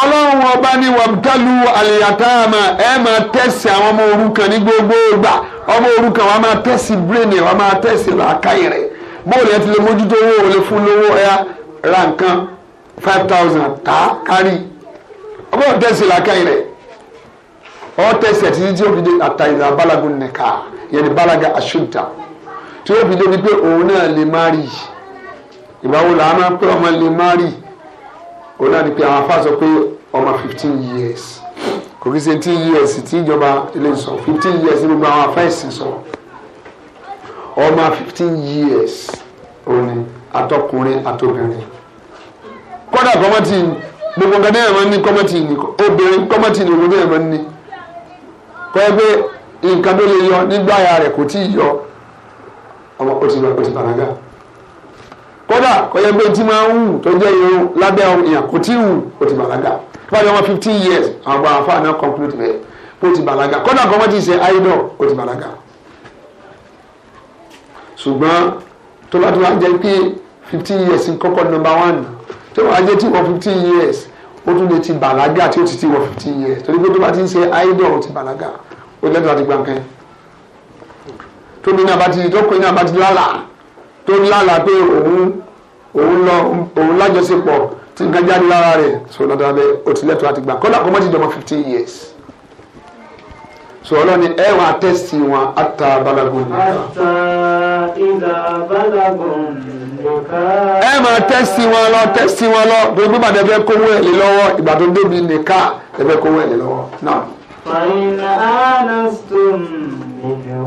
ọlọ́run ọba ní wàbìtàlú àlìyàtàmà ẹ máa tẹ̀sí àwọn ọmọ òrukàn ní gbogbo ìgbà ọmọ òrukàn wa máa tẹ̀sí bírèèni wa máa tẹ̀sí làákàyè rẹ̀ bóòlù ẹ ti lè mójútó owó ò lè fún lówó ẹ ra nǹkan five thousand tá a kárí ọgbọ́n tẹ̀sí làákàyè rẹ̀ ọ tẹ̀sí ẹ̀ títí tí ó fi dé àtàyèdè abálagun nìka yẹn ní bálaga àṣùdà tí ó fi dé ni pé òun náà lè má rí ìbáwo làá máa pé ọmọ lè má rí òun náà ni pé àwọn afá sọ pé ọmọ fifteen years kò kí ṣe ten years tí ìjọba ilé sọ fifteen years ni gbogbo àwọn afá ẹ̀sìn sọ ọmọ fifteen years òní àtọkùnrin àtobìnrin kódà kọ́mọ́tì gbogbo nǹkan náà máa ń ní kọ́mọ́tì ní obìnrin kọ́mọ́tì ní gbogbo náà máa ń ní kọ́ ẹ pé nǹkan tó lè yọ nígbà ya rẹ̀ kò tí ì yọ ọmọ ó ti lọ ó ti bàlágà kódà kọ́ ẹ pé tí máa ń wù tó jẹ́ irun lábẹ́ ìyàn kò tí ì wù ó ti bàlágà fúnadé ọmọ fifteen years àwọn àbá àfa náà complete bẹ́ẹ̀ ó ti bàlágà kódà kọ́mọ́tì ṣe idol ó ti bàlágà ṣùgbọ́n tó bá tó wá jẹ́ pé fifteen years kọ́kọ́ number one tó wá jẹ́ tí wọ́n fifteen years ó tún lè ti bàlágà tí ó ti ti wọ fifteen years torí pé tó bá ti ń ṣe idol ó ti bàlágà ó lẹ́tọ̀ọ́ àti gbàǹkẹ́ tóbi náà bá ti tókò náà bá ti lálà tó lálà pé òun òun lọ òun lájọṣepọ̀ tí nǹkan jáde lára rẹ̀ sọ̀rọ̀ dáadáa ó ti lẹ́tọ̀ọ́ àti gbà kọ́dà kó mọ́ fifteen years so ni ẹ wà tẹ́sí wọn ata balagun. ata ìdá balagun nìkan. ẹ máa tẹ́sí wọn lọ tẹ́sí wọn lọ gbogbo bàtà ẹgbẹ́ kówó ẹ̀ lé lọ́wọ́ ìgbà tó débi nìka ẹgbẹ́ kówó ẹ̀ lé lọ́wọ́ náà. fàyín anastum tẹ́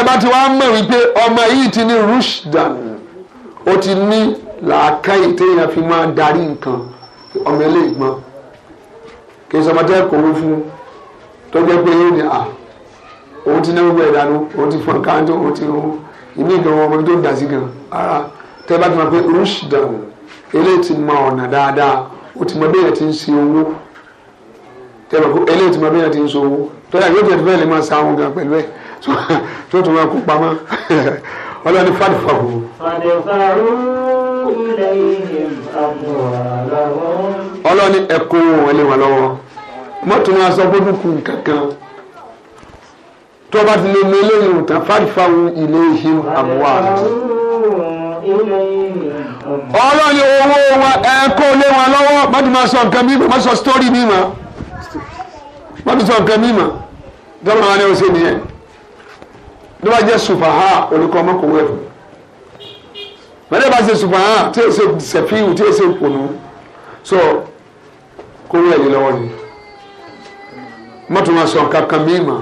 ẹ bá ti wá mọ̀ wípé ọmọ yìí ti ní rushdan ó ti ní làákàyè téèyàn fi máa darí nǹkan ọmọ ẹlẹ́gbọ́n kì í sọ ọmọdé kò wú fún un tó jẹ́ pé yóò ní à òun ti náwó gbẹ ìdánù òun ti fọn káńtó òun ti rún ìmí ìdánwò ọmọ tó dà sí gan ara tẹ́ bá ti mọ̀ pé rúṣ dànù eléyìí ti mọ ọ̀nà dáadáa ó ti mọ bí èèyàn ti ń ṣe owó tẹ́ bá eléyìí ti mọ bí èèyàn ti ń ṣe owó tọ́lá yóò tẹ̀ bẹ́ẹ̀ lè máa sa gan pẹ̀lú ẹ̀ tó tún máa kó pamọ́ ọlọ́ni fàdùfàwù. fàdùfàwù ilẹ̀ ìhìn àbúrò ẹ̀kọ́ wọn lé wọn lọ́wọ́ mọ́tò máa sọ gbọ́dọ̀ kù kankan tó bá ti lè mú eléyìí òtán fárífáwọn ilé ìhìn àbúwá ọlọ́ni owó wa ẹ kó lé wọn lọ́wọ́ má ti máa sọ nǹkan mímọ́ má sọ sítórì mímọ́ má sọ nǹkan mímọ́ dọ́là wa ni ó ṣe nìyẹn ní wàá jẹ́ sùpàhà olùkọ́ ọmọkùnrin ẹ̀rù mẹ́lẹ́ bá ṣe sùpàhà tí ó ṣe sẹ̀fíù tí ó ṣe pònú so kó wọ́n ẹ̀yìn lọ́wọ́ ni mọ́tò wọn sọ kankan mí mà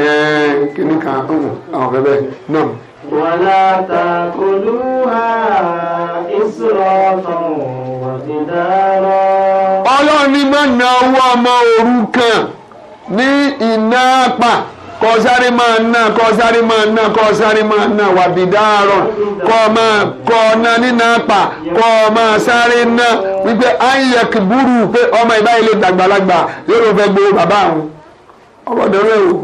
ẹ̀ẹ́n kìíní kan àwọn bẹ́ẹ̀ náà. wàlá ta'kuluha israfan wa bidara. ọlọ́run ní má na owó ọmọ òrukàn ní ìnápa kọsáré máa ná kọsáré máa ná kọsáré máa ná wàbí dáárọ̀ kọ́ máa kọ́ ná nínà pa kọ́ máa sáré ná wípé ayek búrú pé ọmọ ìbáyìí lè dàgbàlagbà yóò ló fẹ́ gbowó bàbá àwọn ọgbọ́dọ̀ rẹ̀ o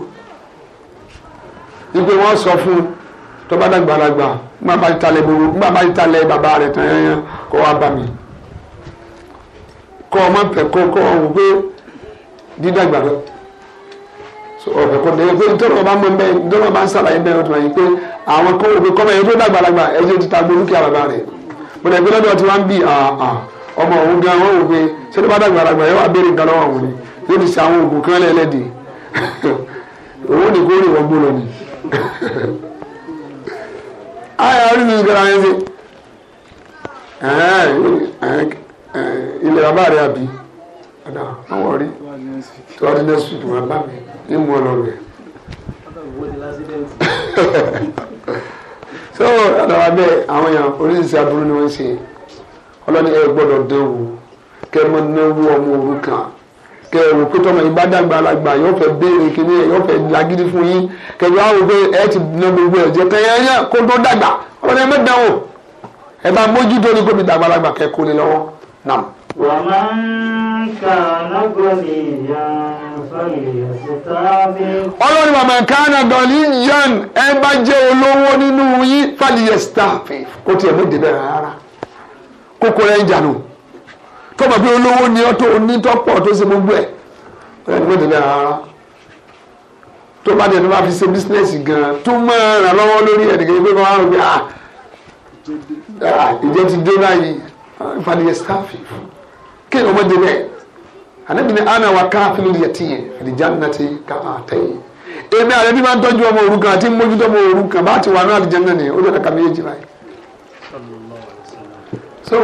wípé wọ́n sọ fún un tó bá dàgbàlagbà nígbà bá talẹ̀ gbogbo nígbà bá talẹ̀ bàbá rẹ̀ tán yẹn kó wá bá mi kọ́ ọmọ pẹ̀ kó kọ́ ọ̀hún pé dídàgbà ọ̀pọ̀ lè pé nítorí wọn bá mọ bẹ́ẹ̀ nítorí wọn bá ń sàlàyé bẹ́ẹ̀ lọ́tọ̀ yìí pé àwọn kó o pé kọ́mọ yẹn tó dàgbàlagbà ẹ̀jẹ̀ ti ta gbórúkẹ́ àbàbà rẹ̀ mo lè gbé lọ́dọ̀ tí wọ́n ń bì ọmọ òun gan wọ́n wò pé ṣé ló bá dàgbàlagbà yẹn wà béèrè nǹkan lọ́wọ́ òun ni yóò ti ṣe àwọn oògùn kan lẹ́lẹ́dì òun ni kó lè wọ́n gbó lọ ni. ayé orí mi gbéra yẹn ṣe ilẹ̀ bàbá rẹ̀ àbí àwọn ọ̀rí tó wá di next week wọn bá mi ní mú ọ lọ rẹ. so àdàwà bẹ́ẹ̀ àwọn èèyàn oríṣiríṣi aburú ni wọ́n ṣe ọlọ́ni ẹ gbọ́dọ̀ dánwò kẹ́ ẹ mọ náwó ọmọ òrukàn kẹ wò pé tọmọ yìí bá dàgbà alàgbà yóò fẹ́ béèrè kíní ẹ yóò fẹ́ lagídí fún yín kẹjọ àwọn òwe ẹ ti dùnà gbogbo ẹ jẹ kẹyẹ yẹn kó tó dàgbà ọmọdé ẹ mẹdàn o ẹ bá mójútó ní kó fi dàgbà alàgbà kẹ kó lè lọ́wọ́ nàm. ومن كان غنيا ọlọ́run màmá kánà gọ̀ọ́lì yan ẹ bá jẹ́ olówó nínú yín fàlìyẹ̀sítàfì kó tiẹ̀ mú débẹ̀ rárá kókó rẹ̀ ń jànú tó bá olówó ni ọ́ tó onítọ́pọ̀ tó ṣe gbogbo ẹ̀ rẹ̀ ní mú débẹ̀ rárá tó bá dẹ̀ tó bá fi ṣe bísínẹ́sì gan-an tó máa ràn lọ́wọ́ lórí ẹ̀dẹ̀gẹ̀ pé wọ́n á rò pé ah ìjẹ́ ti dé báyìí ìfàlìyẹ̀ sítáàfì kéèyàn ọmọ dé anabi ni ana wa káfíìn lè ti yẹ àlìjánnáti káàtẹ́yìn èmi àrẹ bí máa ń tọ́jú ọmọ òrukàn àti mójútó ọmọ òrukàn bá ti wà ní àlìjánná ni ó lè kàkà méjì báyìí. so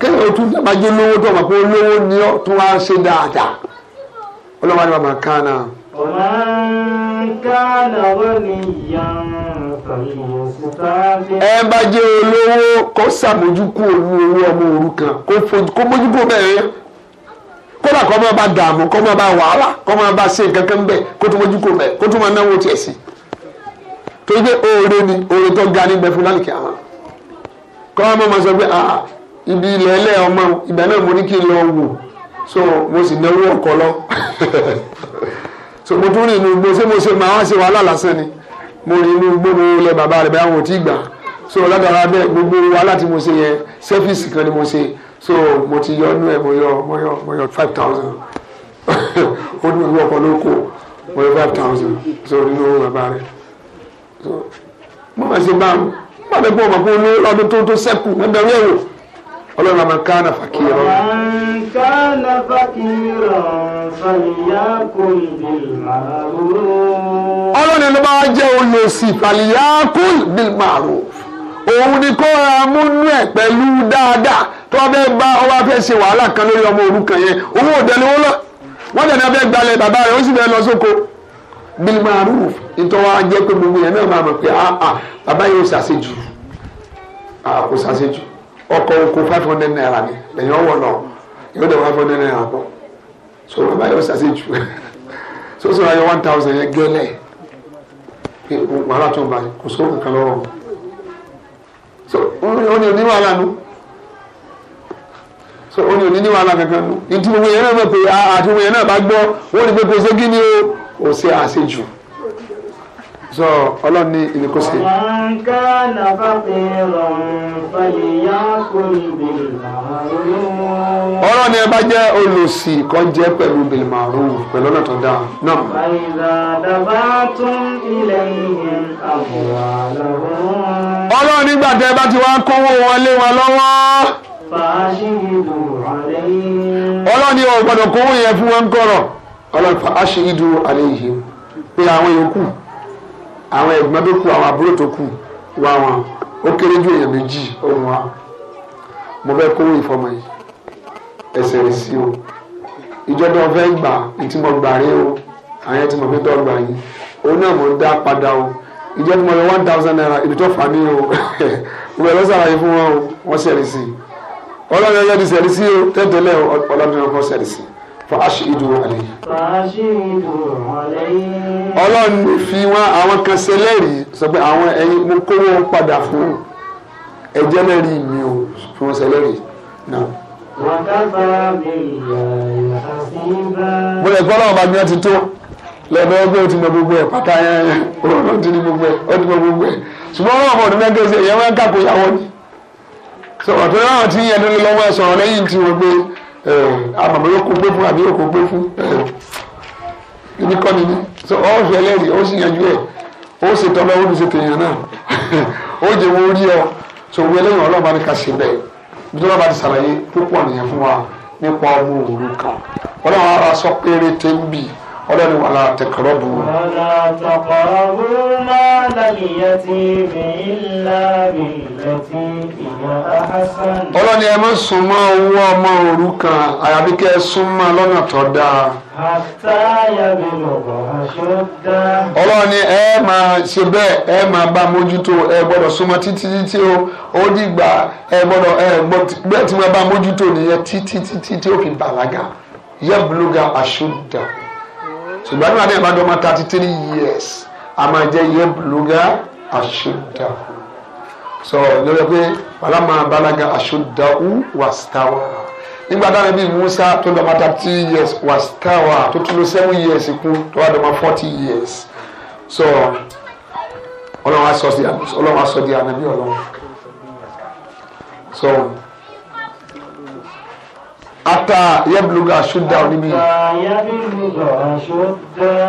kéèyàn tún dábàá jẹ́ lówó tó ọmọ pé olówó ni ó tún wá ṣe dáadáa ọlọ́wọ́ ni wàá máa kán náà. ọ̀rọ̀ ń kán náà wọ́n ní ìyá ń ẹ bá jẹ́ olówó kó sàmójúkú olú owó ọmọ òrukàn kó mójúkú bẹ́ẹ̀ kódà kó máa bá dààmú kó máa bá wàhálà kó máa bá ṣe nǹkan kan bẹ́ẹ̀ kó tó mójúkú bẹ́ẹ̀ kó tó máa náwó tiẹ̀ sí torí pé oore ni oore tó ga níbẹ̀ fún lálùkì àwọn kọ́ ọmọ máa sọ pé ibi ilẹ̀ ẹlẹ́ ọmọ ibẹ̀ náà mo ní kí n lọ wò so mo sì náwó ọkọ lọ so mo tún rìn inú gbó ṣé mo ṣe máa wá ṣe wàhálà lásán ni mo rí inú gbóná ilẹ̀ bàbá rẹ̀ bẹ́ẹ̀ àwọn ò tí gbà so látara bẹ́ẹ̀ gbogbo wa láti mo ṣe yẹn sẹ́fíìsì kan ni mo ṣe so mo ti yọ inú ẹ̀ mo yọ mo yọ mo yọ five thousand ó ní ìlú ọkọ̀ ló kù mo yọ five thousand so nínú bàbá rẹ̀ so mo máa ṣe bá a mo máa dẹ́gbọ́n ọmọ pé ó ní ọdún tó tó sẹ́kù ẹgbẹ̀rún ẹ̀wò ọlọ́run àmà kánà fàkìrọ̀. ọ̀hún kánà fàkìrọ̀ fàlìyàkùn bìlmàrú. ọlọ́run ló bá jẹ́ olùsí fàlìyàkùn bìlmàrú òun ni kó ra múnú ẹ pẹ̀lú dáadáa tó wá fẹ́ bá ọwọ́ fẹ́ ṣe wàhálà kan lórí ọmọ òrukàn yẹn owó òdẹniwó lọ wọ́n dẹ̀ ní abẹ́ gbalẹ̀ bàbá rẹ̀ ó sì fẹ́ lọ sóko bil maruf ìtọ́wọ́ ajẹ́ pé gbogbo yẹn náà máa mọ̀ pé ah, ah, bàbá yẹn ò ṣàṣejù ah, ọkọ̀ oko five hundred naira ni lẹ́yìn ọwọ́ náà yóò dẹ̀ five hundred naira pọ̀ so bàbá yóò ṣàṣe jù so so ayọ one thousand yẹn gẹ́lẹ̀ wàhálà tó ń bá kò sówó kankan lọ́wọ́ so ó ní oní wàhálà nu so ó ní oní ní wàhálà kankan nu ní tí gbogbo yẹn náà mọ̀ pé àti gbogbo yẹn náà bá gbọ́ wọ́n ní pé kò sí kí ni o kò sí àṣejù so ọlọ́run ní ibi kò sí. wọn ká nàfà pé rọrùn fàyíyá kò ní bèèrè ọ̀rọ̀ ni ẹ bá jẹ́ olùsì kan jẹ́ pẹ̀lú bèèrè màrún pẹ̀lú ọ̀nà tó dáa náà. àìsà tún ilẹ̀ ìhìn àbúrò àlọ́run. ọlọ́run nígbà tẹ́ bá ti wá kówó wọn wọn lọ́wọ́. ọlọ́run ni ò gbọ́dọ̀ kówó yẹn fún wọn kọ̀rọ̀ ọlọ́run fàáṣíìdù àlẹ́ yìí pé àwọn yòókù àwọn ẹ̀gbọ́n tó kù àwọn àbúrò tó kù wá wọn ó kéré ju èèyàn méjì òun wa mo fẹ́ kówó ìfọmọ yìí ẹsẹ̀ rẹ̀ sí o ìjọba ọ̀fẹ́ gbà tí mo gbà rí o àyẹn tí mo fi tọ́ gbà yìí òun náà mo ń dá padà o ìjọba mo lọ one thousand naira ibi tó fà mí o mo lọ sàlàyé fún wọn o wọ́n ṣẹ̀rí sí i ọlọ́run ẹlẹ́ni ṣẹ̀rí sí o tẹ́tẹ́lẹ̀ ọlọ́run ẹlẹ́ni ṣẹ̀rí sí i fàásìdù àlẹ́. fàásìdù àlẹ́. ọlọ́run ní fi wọn àwọn kan ṣe lẹ́rìí sọ pé àwọn ẹyin mo kó wọn padà fún ẹjẹ́ lẹ́rìí mi ò fi wọn ṣe lẹ́rìí náà. wàkàtà mi ìyá ìyá sí bá. mo lè gbọ́ lọ́wọ́ bá mi ti tó lẹ́nu ọgbẹ́ ó ti mọ gbogbo ẹ̀ pátá yẹn ó ti gbogbo ẹ̀ ó mọ gbogbo ẹ̀ ṣùgbọ́n wọn ọmọ ọdún mẹ́ta ṣe ìyẹn wọn kàkó ìyàwó ni. sọ̀rọ̀ tó náà ti àmọ̀mọ́ eh, yóò kó gbé fún àbí yóò kó gbé fún ibi eh, kọ́ ni ní so ọ́ ṣe ẹlẹ́rìí ó sì yanjú ẹ̀ ó ṣe tọ́lá ó ṣe tèèyàn náà ó jẹ́ wo rí ọ so wo ẹlẹ́yìn ọlọ́ọ̀bá ni ká ṣe bẹ́ẹ̀ bí tó bá ti ṣàlàyé púpọ̀ nìyẹn fún wa nípa ọmọ òru kan ọlọ́run ara sọ pé eré tẹ́ ń bì í ọlọ́ni wà láà tẹ̀kọ̀rọ̀ bù. ọ̀la tọkọ̀rọ̀ bù máa lálìyẹ ti mi ńlá mi lẹ́tí ìyá ahásán. ọlọ́ni ẹ má sùn mọ́ owó ọmọ òru kan àyàbí kẹ́ ẹ sún mọ́ lọ́nà tó dáa. àtàyàbí lọ́wọ́ aṣọ dá. ọlọ́ni ẹ máa ṣe bẹ́ẹ̀ ẹ máa bá mójútó ẹ gbọ́dọ̀ súnmọ́ títí títí o ó dìgbà ẹ gbọ́dọ̀ ẹ gbọ́dọ̀ bẹ́ẹ̀ tí wọ́n bá mójútó nìyẹn títí títí tí ó fi bàlágà yẹ bùlùgà aṣọ ṣùgbọ́n nígbà tí ẹ bá dọ́ ọmọ thirty three years a máa jẹ́ iye bùlùgà àṣùdàwù sọ lórí pé wàhálà máa balaga àṣùdàwù wàstáwà nígbà táwọn ẹbí Musa tó dọ́ ọmọ thirty three years wàstáwà tó tún lọ seven years kún tó wà dọ́ ọmọ forty years sọ ọlọ́run aṣọ di ànábì ọlọ́run ata yabluga asuda oníbi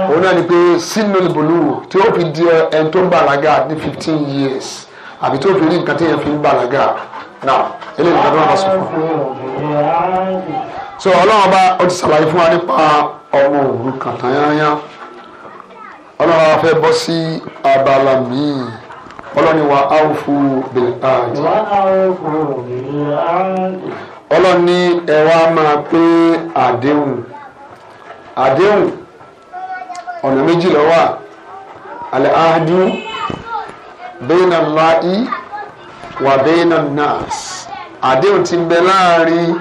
òun náà ni pé sinul bulu tí ó fi di ẹni tó ń bàlágà ní fifteen years àbí tó fi rí nǹkan tí yẹn fi ń bàlágà náà eléyìí nǹkan tó wà lásìkò so ọlọ́run ọba ó ti ṣàlàyé fún wa nípa ọmọ òrukàn tán yányá ọlọ́run ọba fẹ́ bọ́ sí abala míì ọlọ́run wa áwùfù bẹ̀rẹ̀ áàdì. wọ́n á wọ́n fún òbí áàdì ọlọ́run ní ẹ wá máa pé àdéhùn àdéhùn ọ̀nà méjì ló wà àlẹ́ àádú bẹ́ẹ̀nà láì wà bẹ́ẹ̀nà nas àdéhùn ti ń bẹ láàrin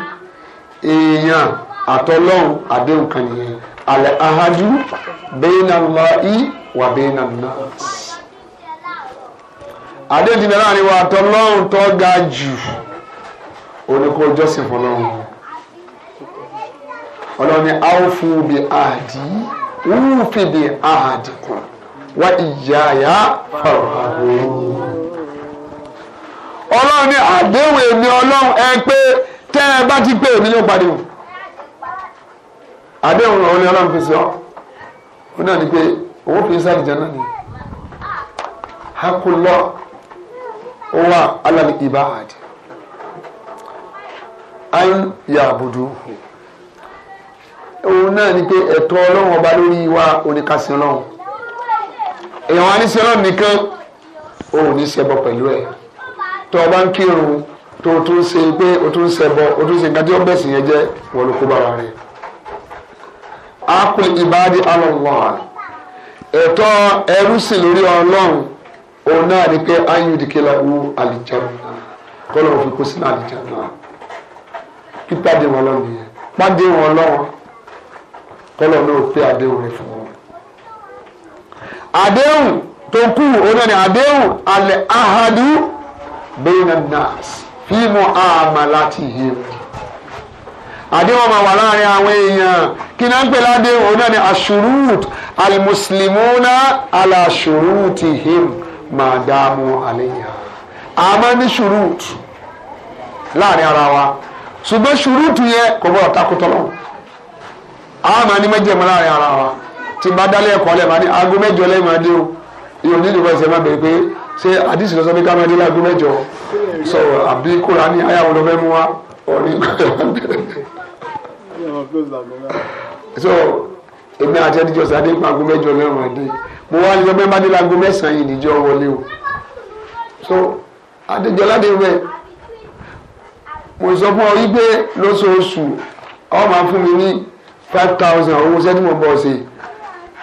èèyàn àtọlọ́run àdéhùn kan nìyẹn àlẹ́ àádú bẹ́ẹ̀nà láì wà bẹ́ẹ̀nà nas àdéhùn ti ń bẹ láàrin wa àtọlọ́run tó ga jù. oníkó jọ́sìn fún ọlọ́run ọlọ́run ni áwòfù bí àdí wúfì bí ọrụ kù wá ìyáyá fàrọ̀hàbò ọlọ́run ni àdéhùn èmi ọlọ́run ẹ pé tẹ́ ẹ bá ti pé èmi yóò parí àdéhùn ọ̀hún ni ọlọ́run fi sọ náà ni pé owó fi sáré jẹ náà ni hakulọ an ya òun náà ni pé ẹtọ ọlọ́run ọba lórí wa oníkàsí ọlọ́run èèyàn wa ní sí ọlọ́run nìkan òun ní ṣẹbọ pẹ̀lú ẹ̀ tó o ń kírun tó o tún ṣe pé o o ṣe nǹkan tí ó bẹ̀sì yẹn jẹ́ wọ́n ló kó pè alọ́wọ́ ẹ̀tọ́ ẹrú sí lórí ọlọ́run òun náà ni pípàdé wọn lọ nìyẹn pàdé wọn lọ́wọ́ tọ́lọ̀ náà pé àdéhùn fún wọn. àdéhùn tó kù ọ̀nà ni àdéhùn alẹ́ ahadu bẹ́ẹ̀nà nas fíìmù àmà láti yé àdéhùn máa wà láàrin àwọn èèyàn kí náà ń pè ládéhùn ọ̀nà ni ashurut alimuslimuna alashurutihim màdàmú àlẹ́yà àmọ́ ní shurut láàrin ara wa. ṣùgbọ́n ṣùrùtù yẹn kò gbọ́dọ̀ takùtọ̀ lọ. àwọn máa ní mẹ́jẹ̀mọ́ láàrin ara wa tí bá dálé ẹ̀kọ́ lẹ̀ máa ní aago mẹ́jọ lẹ́yìn máa dé o ìyóò nílò bá ṣe máa bẹ̀rẹ̀ pé ṣé àdìsí lọ sọ pé ká máa dé láago mẹ́jọ sọ àbí kóra ní ayáwo lọ fẹ́ mú wa ọ̀rìn so èmi àti ẹdíjọ sáà dé pa aago mẹ́jọ lẹ́yìn máa dé mo wá ní sọ pé má dé láago mẹ́sàn-án yìí níjọ wọlé o so àdìjọ ládé bẹ́ẹ̀ mo sọ fún ọ wípé lóṣooṣù ọ máa fún mi ní five thousand owó iṣẹ́ tí mo bọ̀ ṣe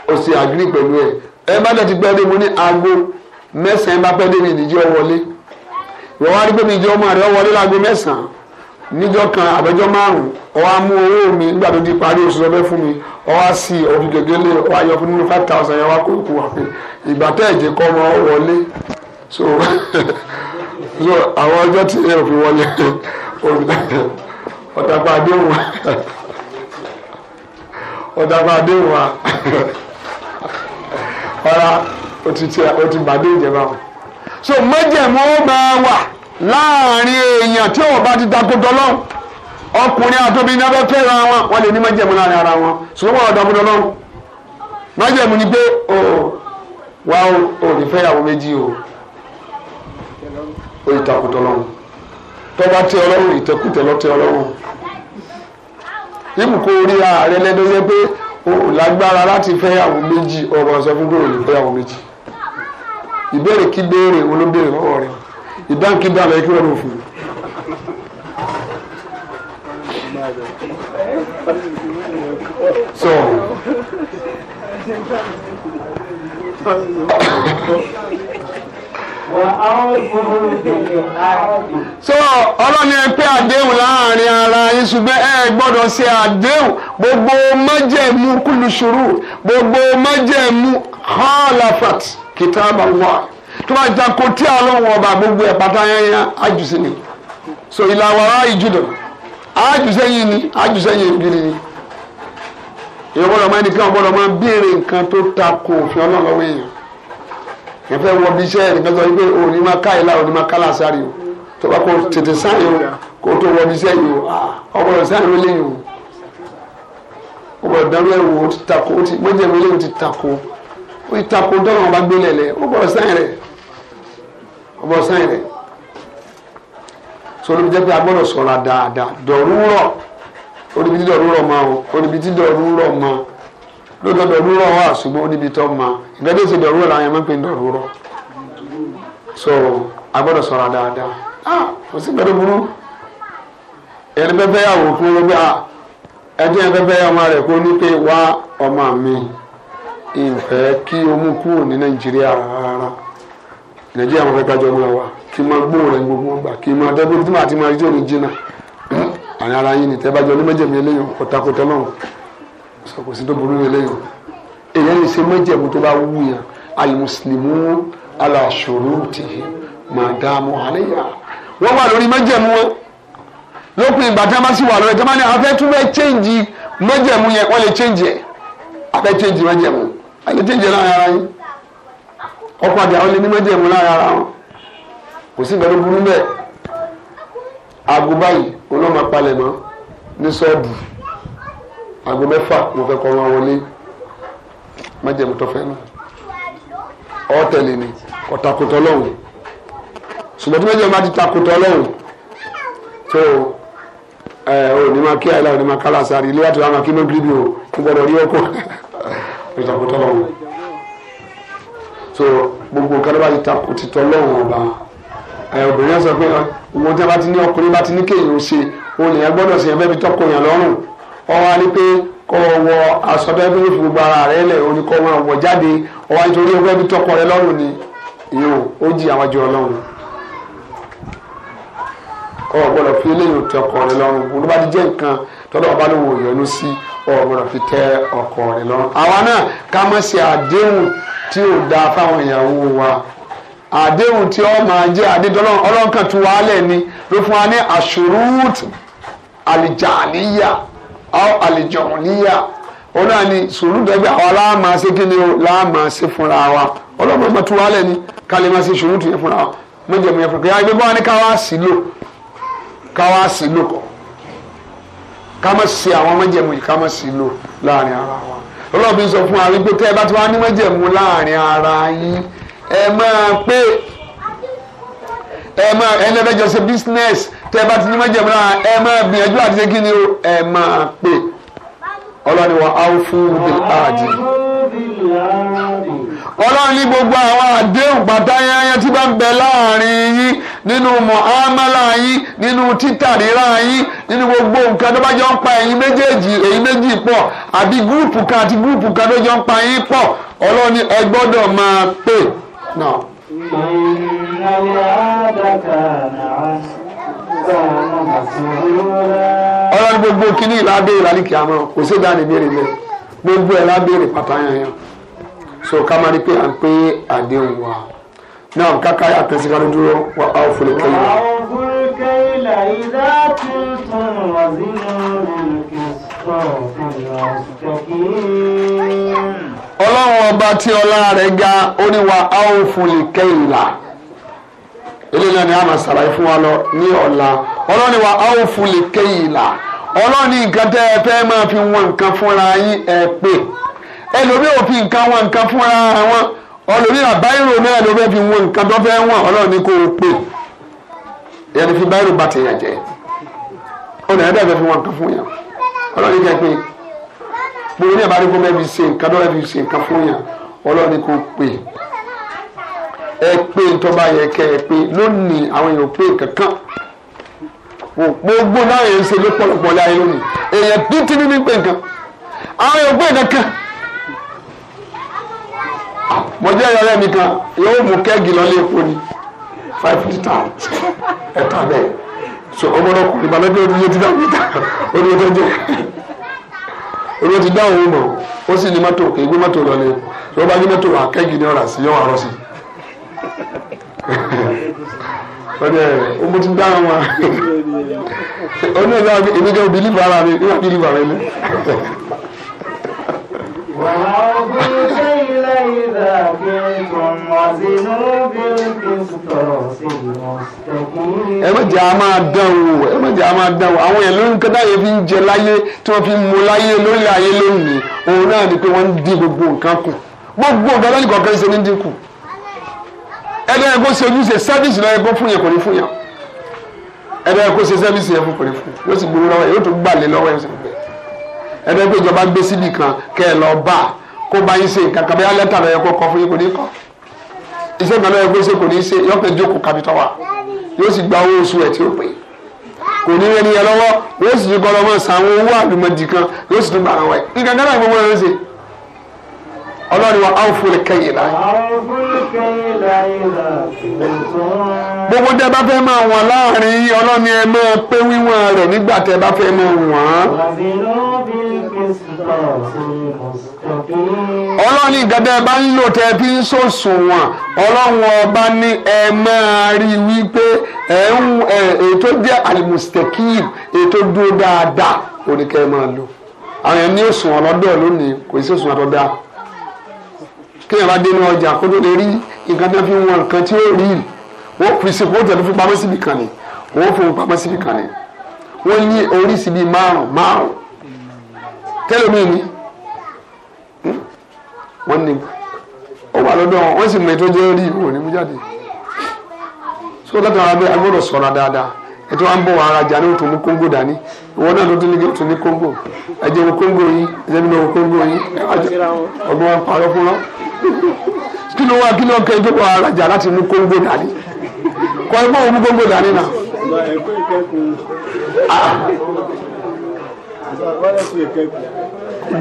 o ṣe àgírí pẹ̀lú ẹ̀ ẹ bá dẹ̀ ti gbẹ́ dé mo ní aago mẹ́sàn-án bá pẹ́ dé mi ìdíjọ́ wọlé ìwọ wá rí pé mi ìjọ ọmọ rẹ wọlé láago mẹ́sàn-án níjọ́ kan àbẹ́jọ́ márùn-ún ọ wá mú owó mi nígbà tó di parí oṣù lọ́fẹ́ fún mi ọ wá sí ọ̀fìn gègéle ọ wá yọ fún nínú five thousand yẹn wá kó kú wá pé ìgbà tẹ́ ẹ̀jẹ̀ kọ́ ọmọ wọlé so so àwọn ọjọ́ tí ẹ ò fi wọlé olùgbàdàn ọ̀dàpọ̀ àdéhùn wa àdéhùn wa ọ̀rá òtútù bàdé ìjẹba wọn. so mẹ́jẹ̀mú ó máa wà láàrin èèyàn tí wọn bá ti dako dọ́lọ́ ọkùnrin àtòbí ní abẹ́ wọn wọ́n lè ní mẹ́jẹ̀mú láàrin ara wọn ṣùgbọ́n wọn dako dọ́lọ́ mẹ́jẹ̀mú ni pé o wa ò ní fẹ́yàwó méjì o o tọ́ba tẹ ọlọ́run ìtẹ̀kùtẹ̀ lọ́tẹ ọlọ́run ibùkún orí ààrẹ lẹ́dọ́ yẹ pé o lágbára láti fẹ́yàwó méjì ọmọ sọ fún bóyá olè fẹ́yàwó méjì ìbéèrè kí béèrè olóbèrè lọ́wọ́ rẹ ìdáhùn kí dáhùn ẹ kí wọ́n lò fún un. so so ọlọ́ni ẹ pé àdéhùn láàrin ara yín ṣùgbọ́n ẹ gbọ́dọ̀ ṣe àdéhùn gbogbo májẹ̀mú kùlùṣùrù gbogbo májẹ̀mú hálàfàt kìtàbà wà tó bá tí ọlọ́run ọba gbogbo ẹ̀ pátá yẹn àjùsí ni so ìlàwàrà ìjùdọ̀ àjùsẹ́yìn ni gidi ni ìyọ̀bọ̀dọ̀ máa ẹnìkan ọ̀bọ̀dọ̀ máa nǹkan tó ta fi yẹn fẹ́ wọ bí iṣẹ́ nìkan sọ pé òní máa ká ìlà òní máa ká làásàrì o tó bá kó tètè sáyìn o kó tó wọ bí iṣẹ́ yìí o ọgbọ̀dọ̀ sáyìn eléyìí o ọgbọ̀dọ̀ dáwọ́ ẹ̀wò ó ti tako o ti méjì ẹ̀wò eléyìí ti tako ó ti tako dọ́nà ọba gbélé lẹ̀ ọgbọ̀dọ̀ sáyìn rẹ̀ ọgbọ̀dọ̀ sáyìn rẹ̀ sọlọ́bi jẹ́ pé a gbọ́dọ̀ sọ̀rọ̀ dáadáa dọ̀rúrọ̀ olùbí tí dọ̀rúrọ̀ máa o olùbí tí dọ̀rúrọ̀ máa lóòótọ́ dọ̀rúrọ̀ wà ṣùgbọ́n níbi tó ma ìgbà tó ṣe dọ̀rúrọ̀ làwọn yẹn máa ń pè ní so a gbọ́dọ̀ sọ̀rọ̀ dáadáa ah kò sí gbẹdọ̀ burú ẹni pẹ́pẹ́ yà wò fún ló gbé a ah, ẹni yẹn pẹ́pẹ́ yà ọmọ rẹ̀ kó ní pé wá ọmọ mi ìfẹ́ kí o mú kúrò ní nàìjíríà rárá nàìjíríà wọn fẹ́ kájọ ọmọ wa kí n máa gbóò rẹ̀ gbogbo gbà kí n máa dẹ́gbẹ́ tí màá ti máa rí tí òun jìnnà àyàrá yín ni bá jọ ní méjèèmí ọ̀tàkùtà náà sọ kò sí tó burú eléyìí èyàn lè ṣe méjèèmú tó bá wù yàn alimusilimu alasoro ti madamu aleya wọn wà lórí méjèèmú wọn lópin ìgbà tí wọn bá sì wà lórí tí wọn bá ní àwọn afẹ́ tún bẹ́ẹ̀ chẹ́ǹjì méjèèmú yẹn wọ́n lè chẹ́ǹjì ẹ̀ afẹ́ chẹ́ǹjì méjèèmú ẹ̀ lè chẹ́ǹjì láàrin ara yín ọkọ̀ àti àwọn lè ní méjèèmú láàrin ara wọn kò sí ìgbà tó burú bẹ́ẹ̀ aago báyìí olóòmà palẹ̀mọ́ ní sọ́ọ̀bù aago mẹ́fà mo fẹ́ kọ́ wọn wọlé májẹ̀mú tọ́fẹ́ náà ọ̀tẹ̀lẹ̀ ni kò takòtò lọ́hùn ṣùgbọ́n tí májẹ̀mú bá ti takòtò lọ́hùn tó ẹ ò ní máa kí àìlà ò ní máa kálá sáré ilé wàtí wàá máa kí mọ́gìlì bí o ń gbọ́dọ̀ rí ọkọ̀ kò takòtò lọ́hùn tó gbogbo nǹkan bá ti takòtò lọ́hùn ọba obìnrin sọ pé ọmọ tí ti ní ọkùnrin bá ti ní kéèyàn ṣe olè wọ́n wá ní pé kọ́ wọ aṣọ tó yẹ kó fi gbogbo ara rẹ̀ lẹ̀ oníkọ́ wọn wọ̀ jáde wọ́n wá nítorí ọgbẹ́ bí tọkọ rẹ lọ́rùn ni ìyó ó jí àwọn ju ọlọ́run kọ́ ọ̀gbọ́dọ̀ fi eléyìí tọkọ rẹ lọ́rùn kó ló bá ti jẹ́ nǹkan tọ́lọ́ ọba ló wò yọnu sí ọ̀gbọ́dọ̀ fi tẹ ọkọ rẹ lọ́rùn àwa náà ká mọ̀ sí àdéhùn tí ò dáa fáwọn ìyàwó wa àdéhùn tí ó máa jẹ́ àdéhùn ọlọ́nkàn tún wálẹ̀ ni ló àwọn àlejò níyà ó náà ni sùúrù dẹ́gbẹ́ àwa láàmà ṣe kí ni o láàmà ṣe fúnra wa ọlọ́mọ ọmọ tó wálẹ̀ ni ká lè máa ṣe sùúrù tó yẹ fúnra wa mọ̀jẹ̀mọ̀ yẹ fúnra wa gbẹ́gbẹ́ wa ni ká wá sí lò ká wá sí lò kọ́ ká má ṣe àwọn mọ̀jẹ̀mọ̀ yìí ká má sí lò láàrin ara wa ọlọ́mọ sọ fún wa wípé tẹ́ ẹ bá ti wá ní mọ̀jẹ̀mọ̀ láàrin ara yín ẹ máa pé ẹ máa ẹ náà business tẹ́ bá ti ní májẹ̀mú náà ẹ máa gbìyànjú àti ṣe kí ni o ẹ máa pè ọlọ́ni wa áwùfù bíi àdì. ọlọ́run ní gbogbo àwọn àdéhùn pátá yányá tí bá ń bẹ láàrin yín nínú mọ̀hámálà yín nínú títàríra yín nínú gbogbo nǹkan tó bá jọ ń pa ẹ̀yin méjèèjì èyí méjì pọ̀ àbí gúrùpù kan àti gúrùpù kan tó jọ ń pa yín pọ̀ ọlọ́run ẹ gbọ́dọ̀ máa pè náà. ìgbà yìí ni àwọn àdàkà náà ọlọ́run gbogbo kínní ìlábẹ́rẹ́ lálìkí àmọ́ kò sí ìdáni ìbéèrè bẹ́ẹ̀ gbogbo ẹ̀ lábẹ́rẹ́ pàtàyànyàn so ká máa rí pé à ń pé àdéhùn wa náà káká àtẹ̀síká ló dúró wà á ò fúnni kẹ́yìn. ọlọ́run ọba tí ọlá rẹ̀ ga ó ní wa á ò fúnni kẹ́yìn eléyìí náà ni a máa ṣàlàyé fún wa lọ ní ọ̀la ọlọ́ni wa a ó fún lè kéyìí là ọlọ́ni nǹkan tẹ́ ẹ fẹ́ máa fi wọn nǹkan fúnra yín ẹ pé ẹlòmíì ò fi nǹkan wọn nǹkan fúnra wọn ọlọ́ni àbáyọ̀rọ̀ náà ló fẹ́ fi wọn nǹkan tó fẹ́ wọn ọlọ́ni kò pè yẹn fi báyọ̀rọ̀ bá ti yàn jẹ́ ọ̀nà ẹ̀dá fẹ́ fi wọn nǹkan fún yàn ọlọ́ni kẹ́ pé gbogbo ní àbáríkó mẹ́bi ṣe nǹkan tó fẹ́ fi ṣe nǹkan fún yàn ọlọ́ni kò pè ẹ pé ntọ́ba yẹ kẹ́ ẹ pé lónìí àwọn èèyàn pé kankan gbogbo náà yẹn ń ṣe lọ́pọ̀lọpọ̀ láyé lónìí èèyàn títí nínú pé nǹkan àwọn èèyàn pé kankan mo jẹ́ mi kan yóò mú kẹ́gì lọ léèpo ni five litre ẹ̀ta bẹ́ẹ̀ so ọmọdé kò ní ti dá mítà olùyẹ tó jẹ olùyẹ ti dá òun mọ̀ ó sì ní mọ́tò kì í gbé mọ́tò lọ léèpo tí wọ́n bá gbé mọ́tò wà kẹ́gì ní ọ̀rà sí yọ̀ wà rọ̀ sí i ọdẹ ọmọ ti dá wọn ọdún ẹ̀ náà èmi jẹ́ òbí lífà ara mi níwà bí lífà rẹ lé. ẹ má jẹ́ a máa dán wò ẹ má jẹ́ a máa dán wò àwọn yẹn lórí nǹkan táyé fi ń jẹ láyé tí wọ́n fi ń mu láyé lórí ayé lónìí òun náà ni pé wọ́n ń dín gbogbo nǹkan kù gbogbo nǹkan lónìí kọ̀ọ̀kan ṣe ní dínkù ẹ̀dá yẹn kó ṣe ojúṣe sẹ́fíìsì náà yẹn kó fún yẹn kò ní fún yẹn ẹ̀dá yẹn kó ṣe sẹ́fíìsì yẹn fún kò ní fún yẹn yóò sì gbowó lọ́wọ́ yẹn yóò tún gbàlẹ̀ lọ́wọ́ yẹn sì gbẹ ẹ̀dá yẹn kó ìjọba gbé síbì kan kẹ́ ẹ lọ bá kó bá yín ṣe nǹkan kàbẹ́yà lẹ́tà náà yẹn kó kọ fún yín kò ní kọ́ iṣẹ́ kan náà yẹn kó ṣe kò ní ṣe yọ̀kẹ́ jókòó kàbítọ́ wa yóò sì gba owó oṣù ẹ̀ tí ó pè é kò ní rẹ níyẹn lọ́wọ́ yóò sì tún gbọ́dọ̀ máa san owó àlùmọ̀dì kan yóò sì tún gbà àwọn ẹ̀ nǹkan kan náà gbogbo ẹ̀ ń ṣe ọlọ́run wa áwòfó rẹ̀ kẹ́yìn láàyè gbogbo tẹ́ bá fẹ́ máa wọ̀n láàrin ọlọ́ni ẹ máa pé wíwọ̀n rẹ̀ nígbà tẹ́ bá fẹ́ máa wọ̀n. ọlọ́ni ìdẹ́dẹ́ bá ń lò tẹ́ fi ń sòṣùwọ̀n ọlọ́run ọba ní ẹ máa rí wípé ẹ ń ètò jẹ́ alimustekin ètò dúró dáadáa oníkẹ́ máa lò àwọn ẹni òṣùwọ̀n lọ́dọ̀ lónìí kò sí òṣùwọ̀n tó kéèyàn bá dé inú ọjà kó tó lè rí nǹkan tí wọ́n fi wọn nǹkan tí ó rí wọ́n kùrì sí kó tẹ̀lé fún pamọ́ síbi kan ni wọ́n fún pamọ́ síbi kan ni wọ́n ní oríṣi bíi márùn márùn tẹ́lẹ̀mí ni hmm, wọ́n ní ó wà lọ́dọ̀ wọ́n sì mọ ètò jẹ́ rí ìwò ní mú jáde so látara bẹ́ẹ̀ agbọ́dọ̀ sọ̀rọ̀ dáadáa ètò wa ń bọ̀ wàhálà jà ní òtò mú kóńgò dání ìwọ náà ló tún ní kí òtò ní kóńgò ẹ̀jẹ̀ wo kóńgò yín ẹ̀jẹ̀ mi náà wo kóńgò yín ọgbọ́n wa parọ́ fún wọn kí ló wá kí ló kẹ́ ètò wàhálà jà láti mú kóńgò dání kọ́ ẹ bá wọn mú kóńgò dání náà.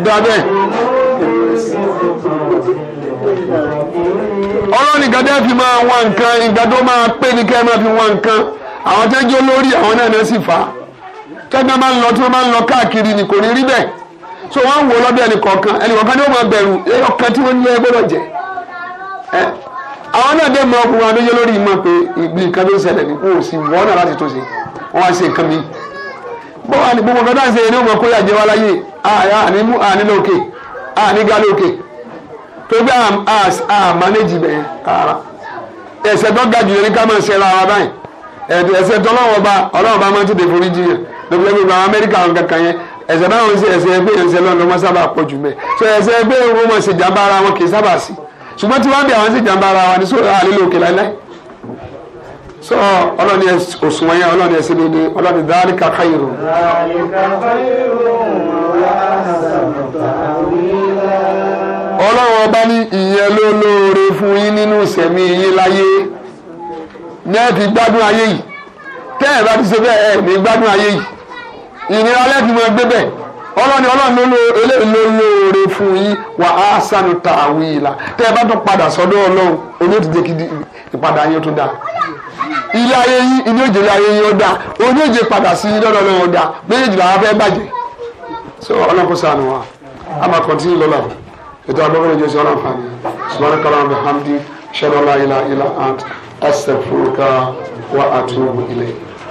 dábẹ́ ọlọ́ni gàdá fi máa wá nǹkan ìgbàdo máa pé ní kẹ́ fi wá nǹkan. àwọn tó jẹ́ olórí àwọn náà náà sì fà á máa ń lọ tí wọ́n máa ń lọ káàkiri ni kò ní rí bẹ́ẹ̀ so wọ́n ń wo lọ́dọ̀ ẹnìkọ̀ọ̀kan ẹnìkọ̀ọ̀kan ni wọ́n máa bẹ̀rù ọkàn tí wọ́n ní ẹ gbọ́dọ̀ jẹ́ ẹ àwọn náà dé mọ ọkùnrin adéjọ́ lórí ìmọ̀ pé ìgbì nǹkan tó ń ṣẹlẹ̀ ní kò sí wọ́n náà láti tó ṣe ṣe nǹkan mi tó ẹ̀dùn ẹ̀ṣẹ̀ tọ́lọ́wọ́ bá ọlọ́wọ́ bá máa ń tètè forí jiyàn lóbi lẹ́gbẹ̀ẹ́ gba amẹ́ríkà àwọn kankan yẹn ẹ̀ṣẹ̀ báwọn ṣe ẹ̀ṣẹ̀ ẹgbẹ́ yẹn ṣe lọ́nà wọn sábà pọ̀ jù mẹ́ so ẹ̀ṣẹ̀ ẹgbẹ́ wọn mọ̀ ṣe jàmbá ara wọn kì í sábà sí ṣùgbọ́n tí wọ́n bí àwọn ṣe jàmbá ara wa ní sóòrò àlélò òkè láíláí so ọlọ́ni òṣùwọ̀n yẹn ọlọ́ni ẹ̀ṣẹ̀ lóde ọlọ́ni dáríkà káyìrò. ọlọ́run ọba ní ìyẹn ló lóore fún yín nínú ìṣẹ̀mí yín láyé. na gbádùn ayé yìí tẹ́ ẹ̀ bá ti ṣe bẹ́ẹ̀ ẹ̀ ní gbádùn ayé yìí ìnira lẹ́ẹ̀fi mọ ọla bẹ́ẹ̀ ọlọ́ni ọlọ́ni ló lóore fún yín wà á sànù tààwí ìlà sọdụ ẹ bá tún padà ọlọ́run ti jẹ́ kí ìpadà yín tó dáa ilé ayé yín ilé òjò ilé ayé yín ó dáa oní òjò padà astaghfiruka wa atubu ilayk.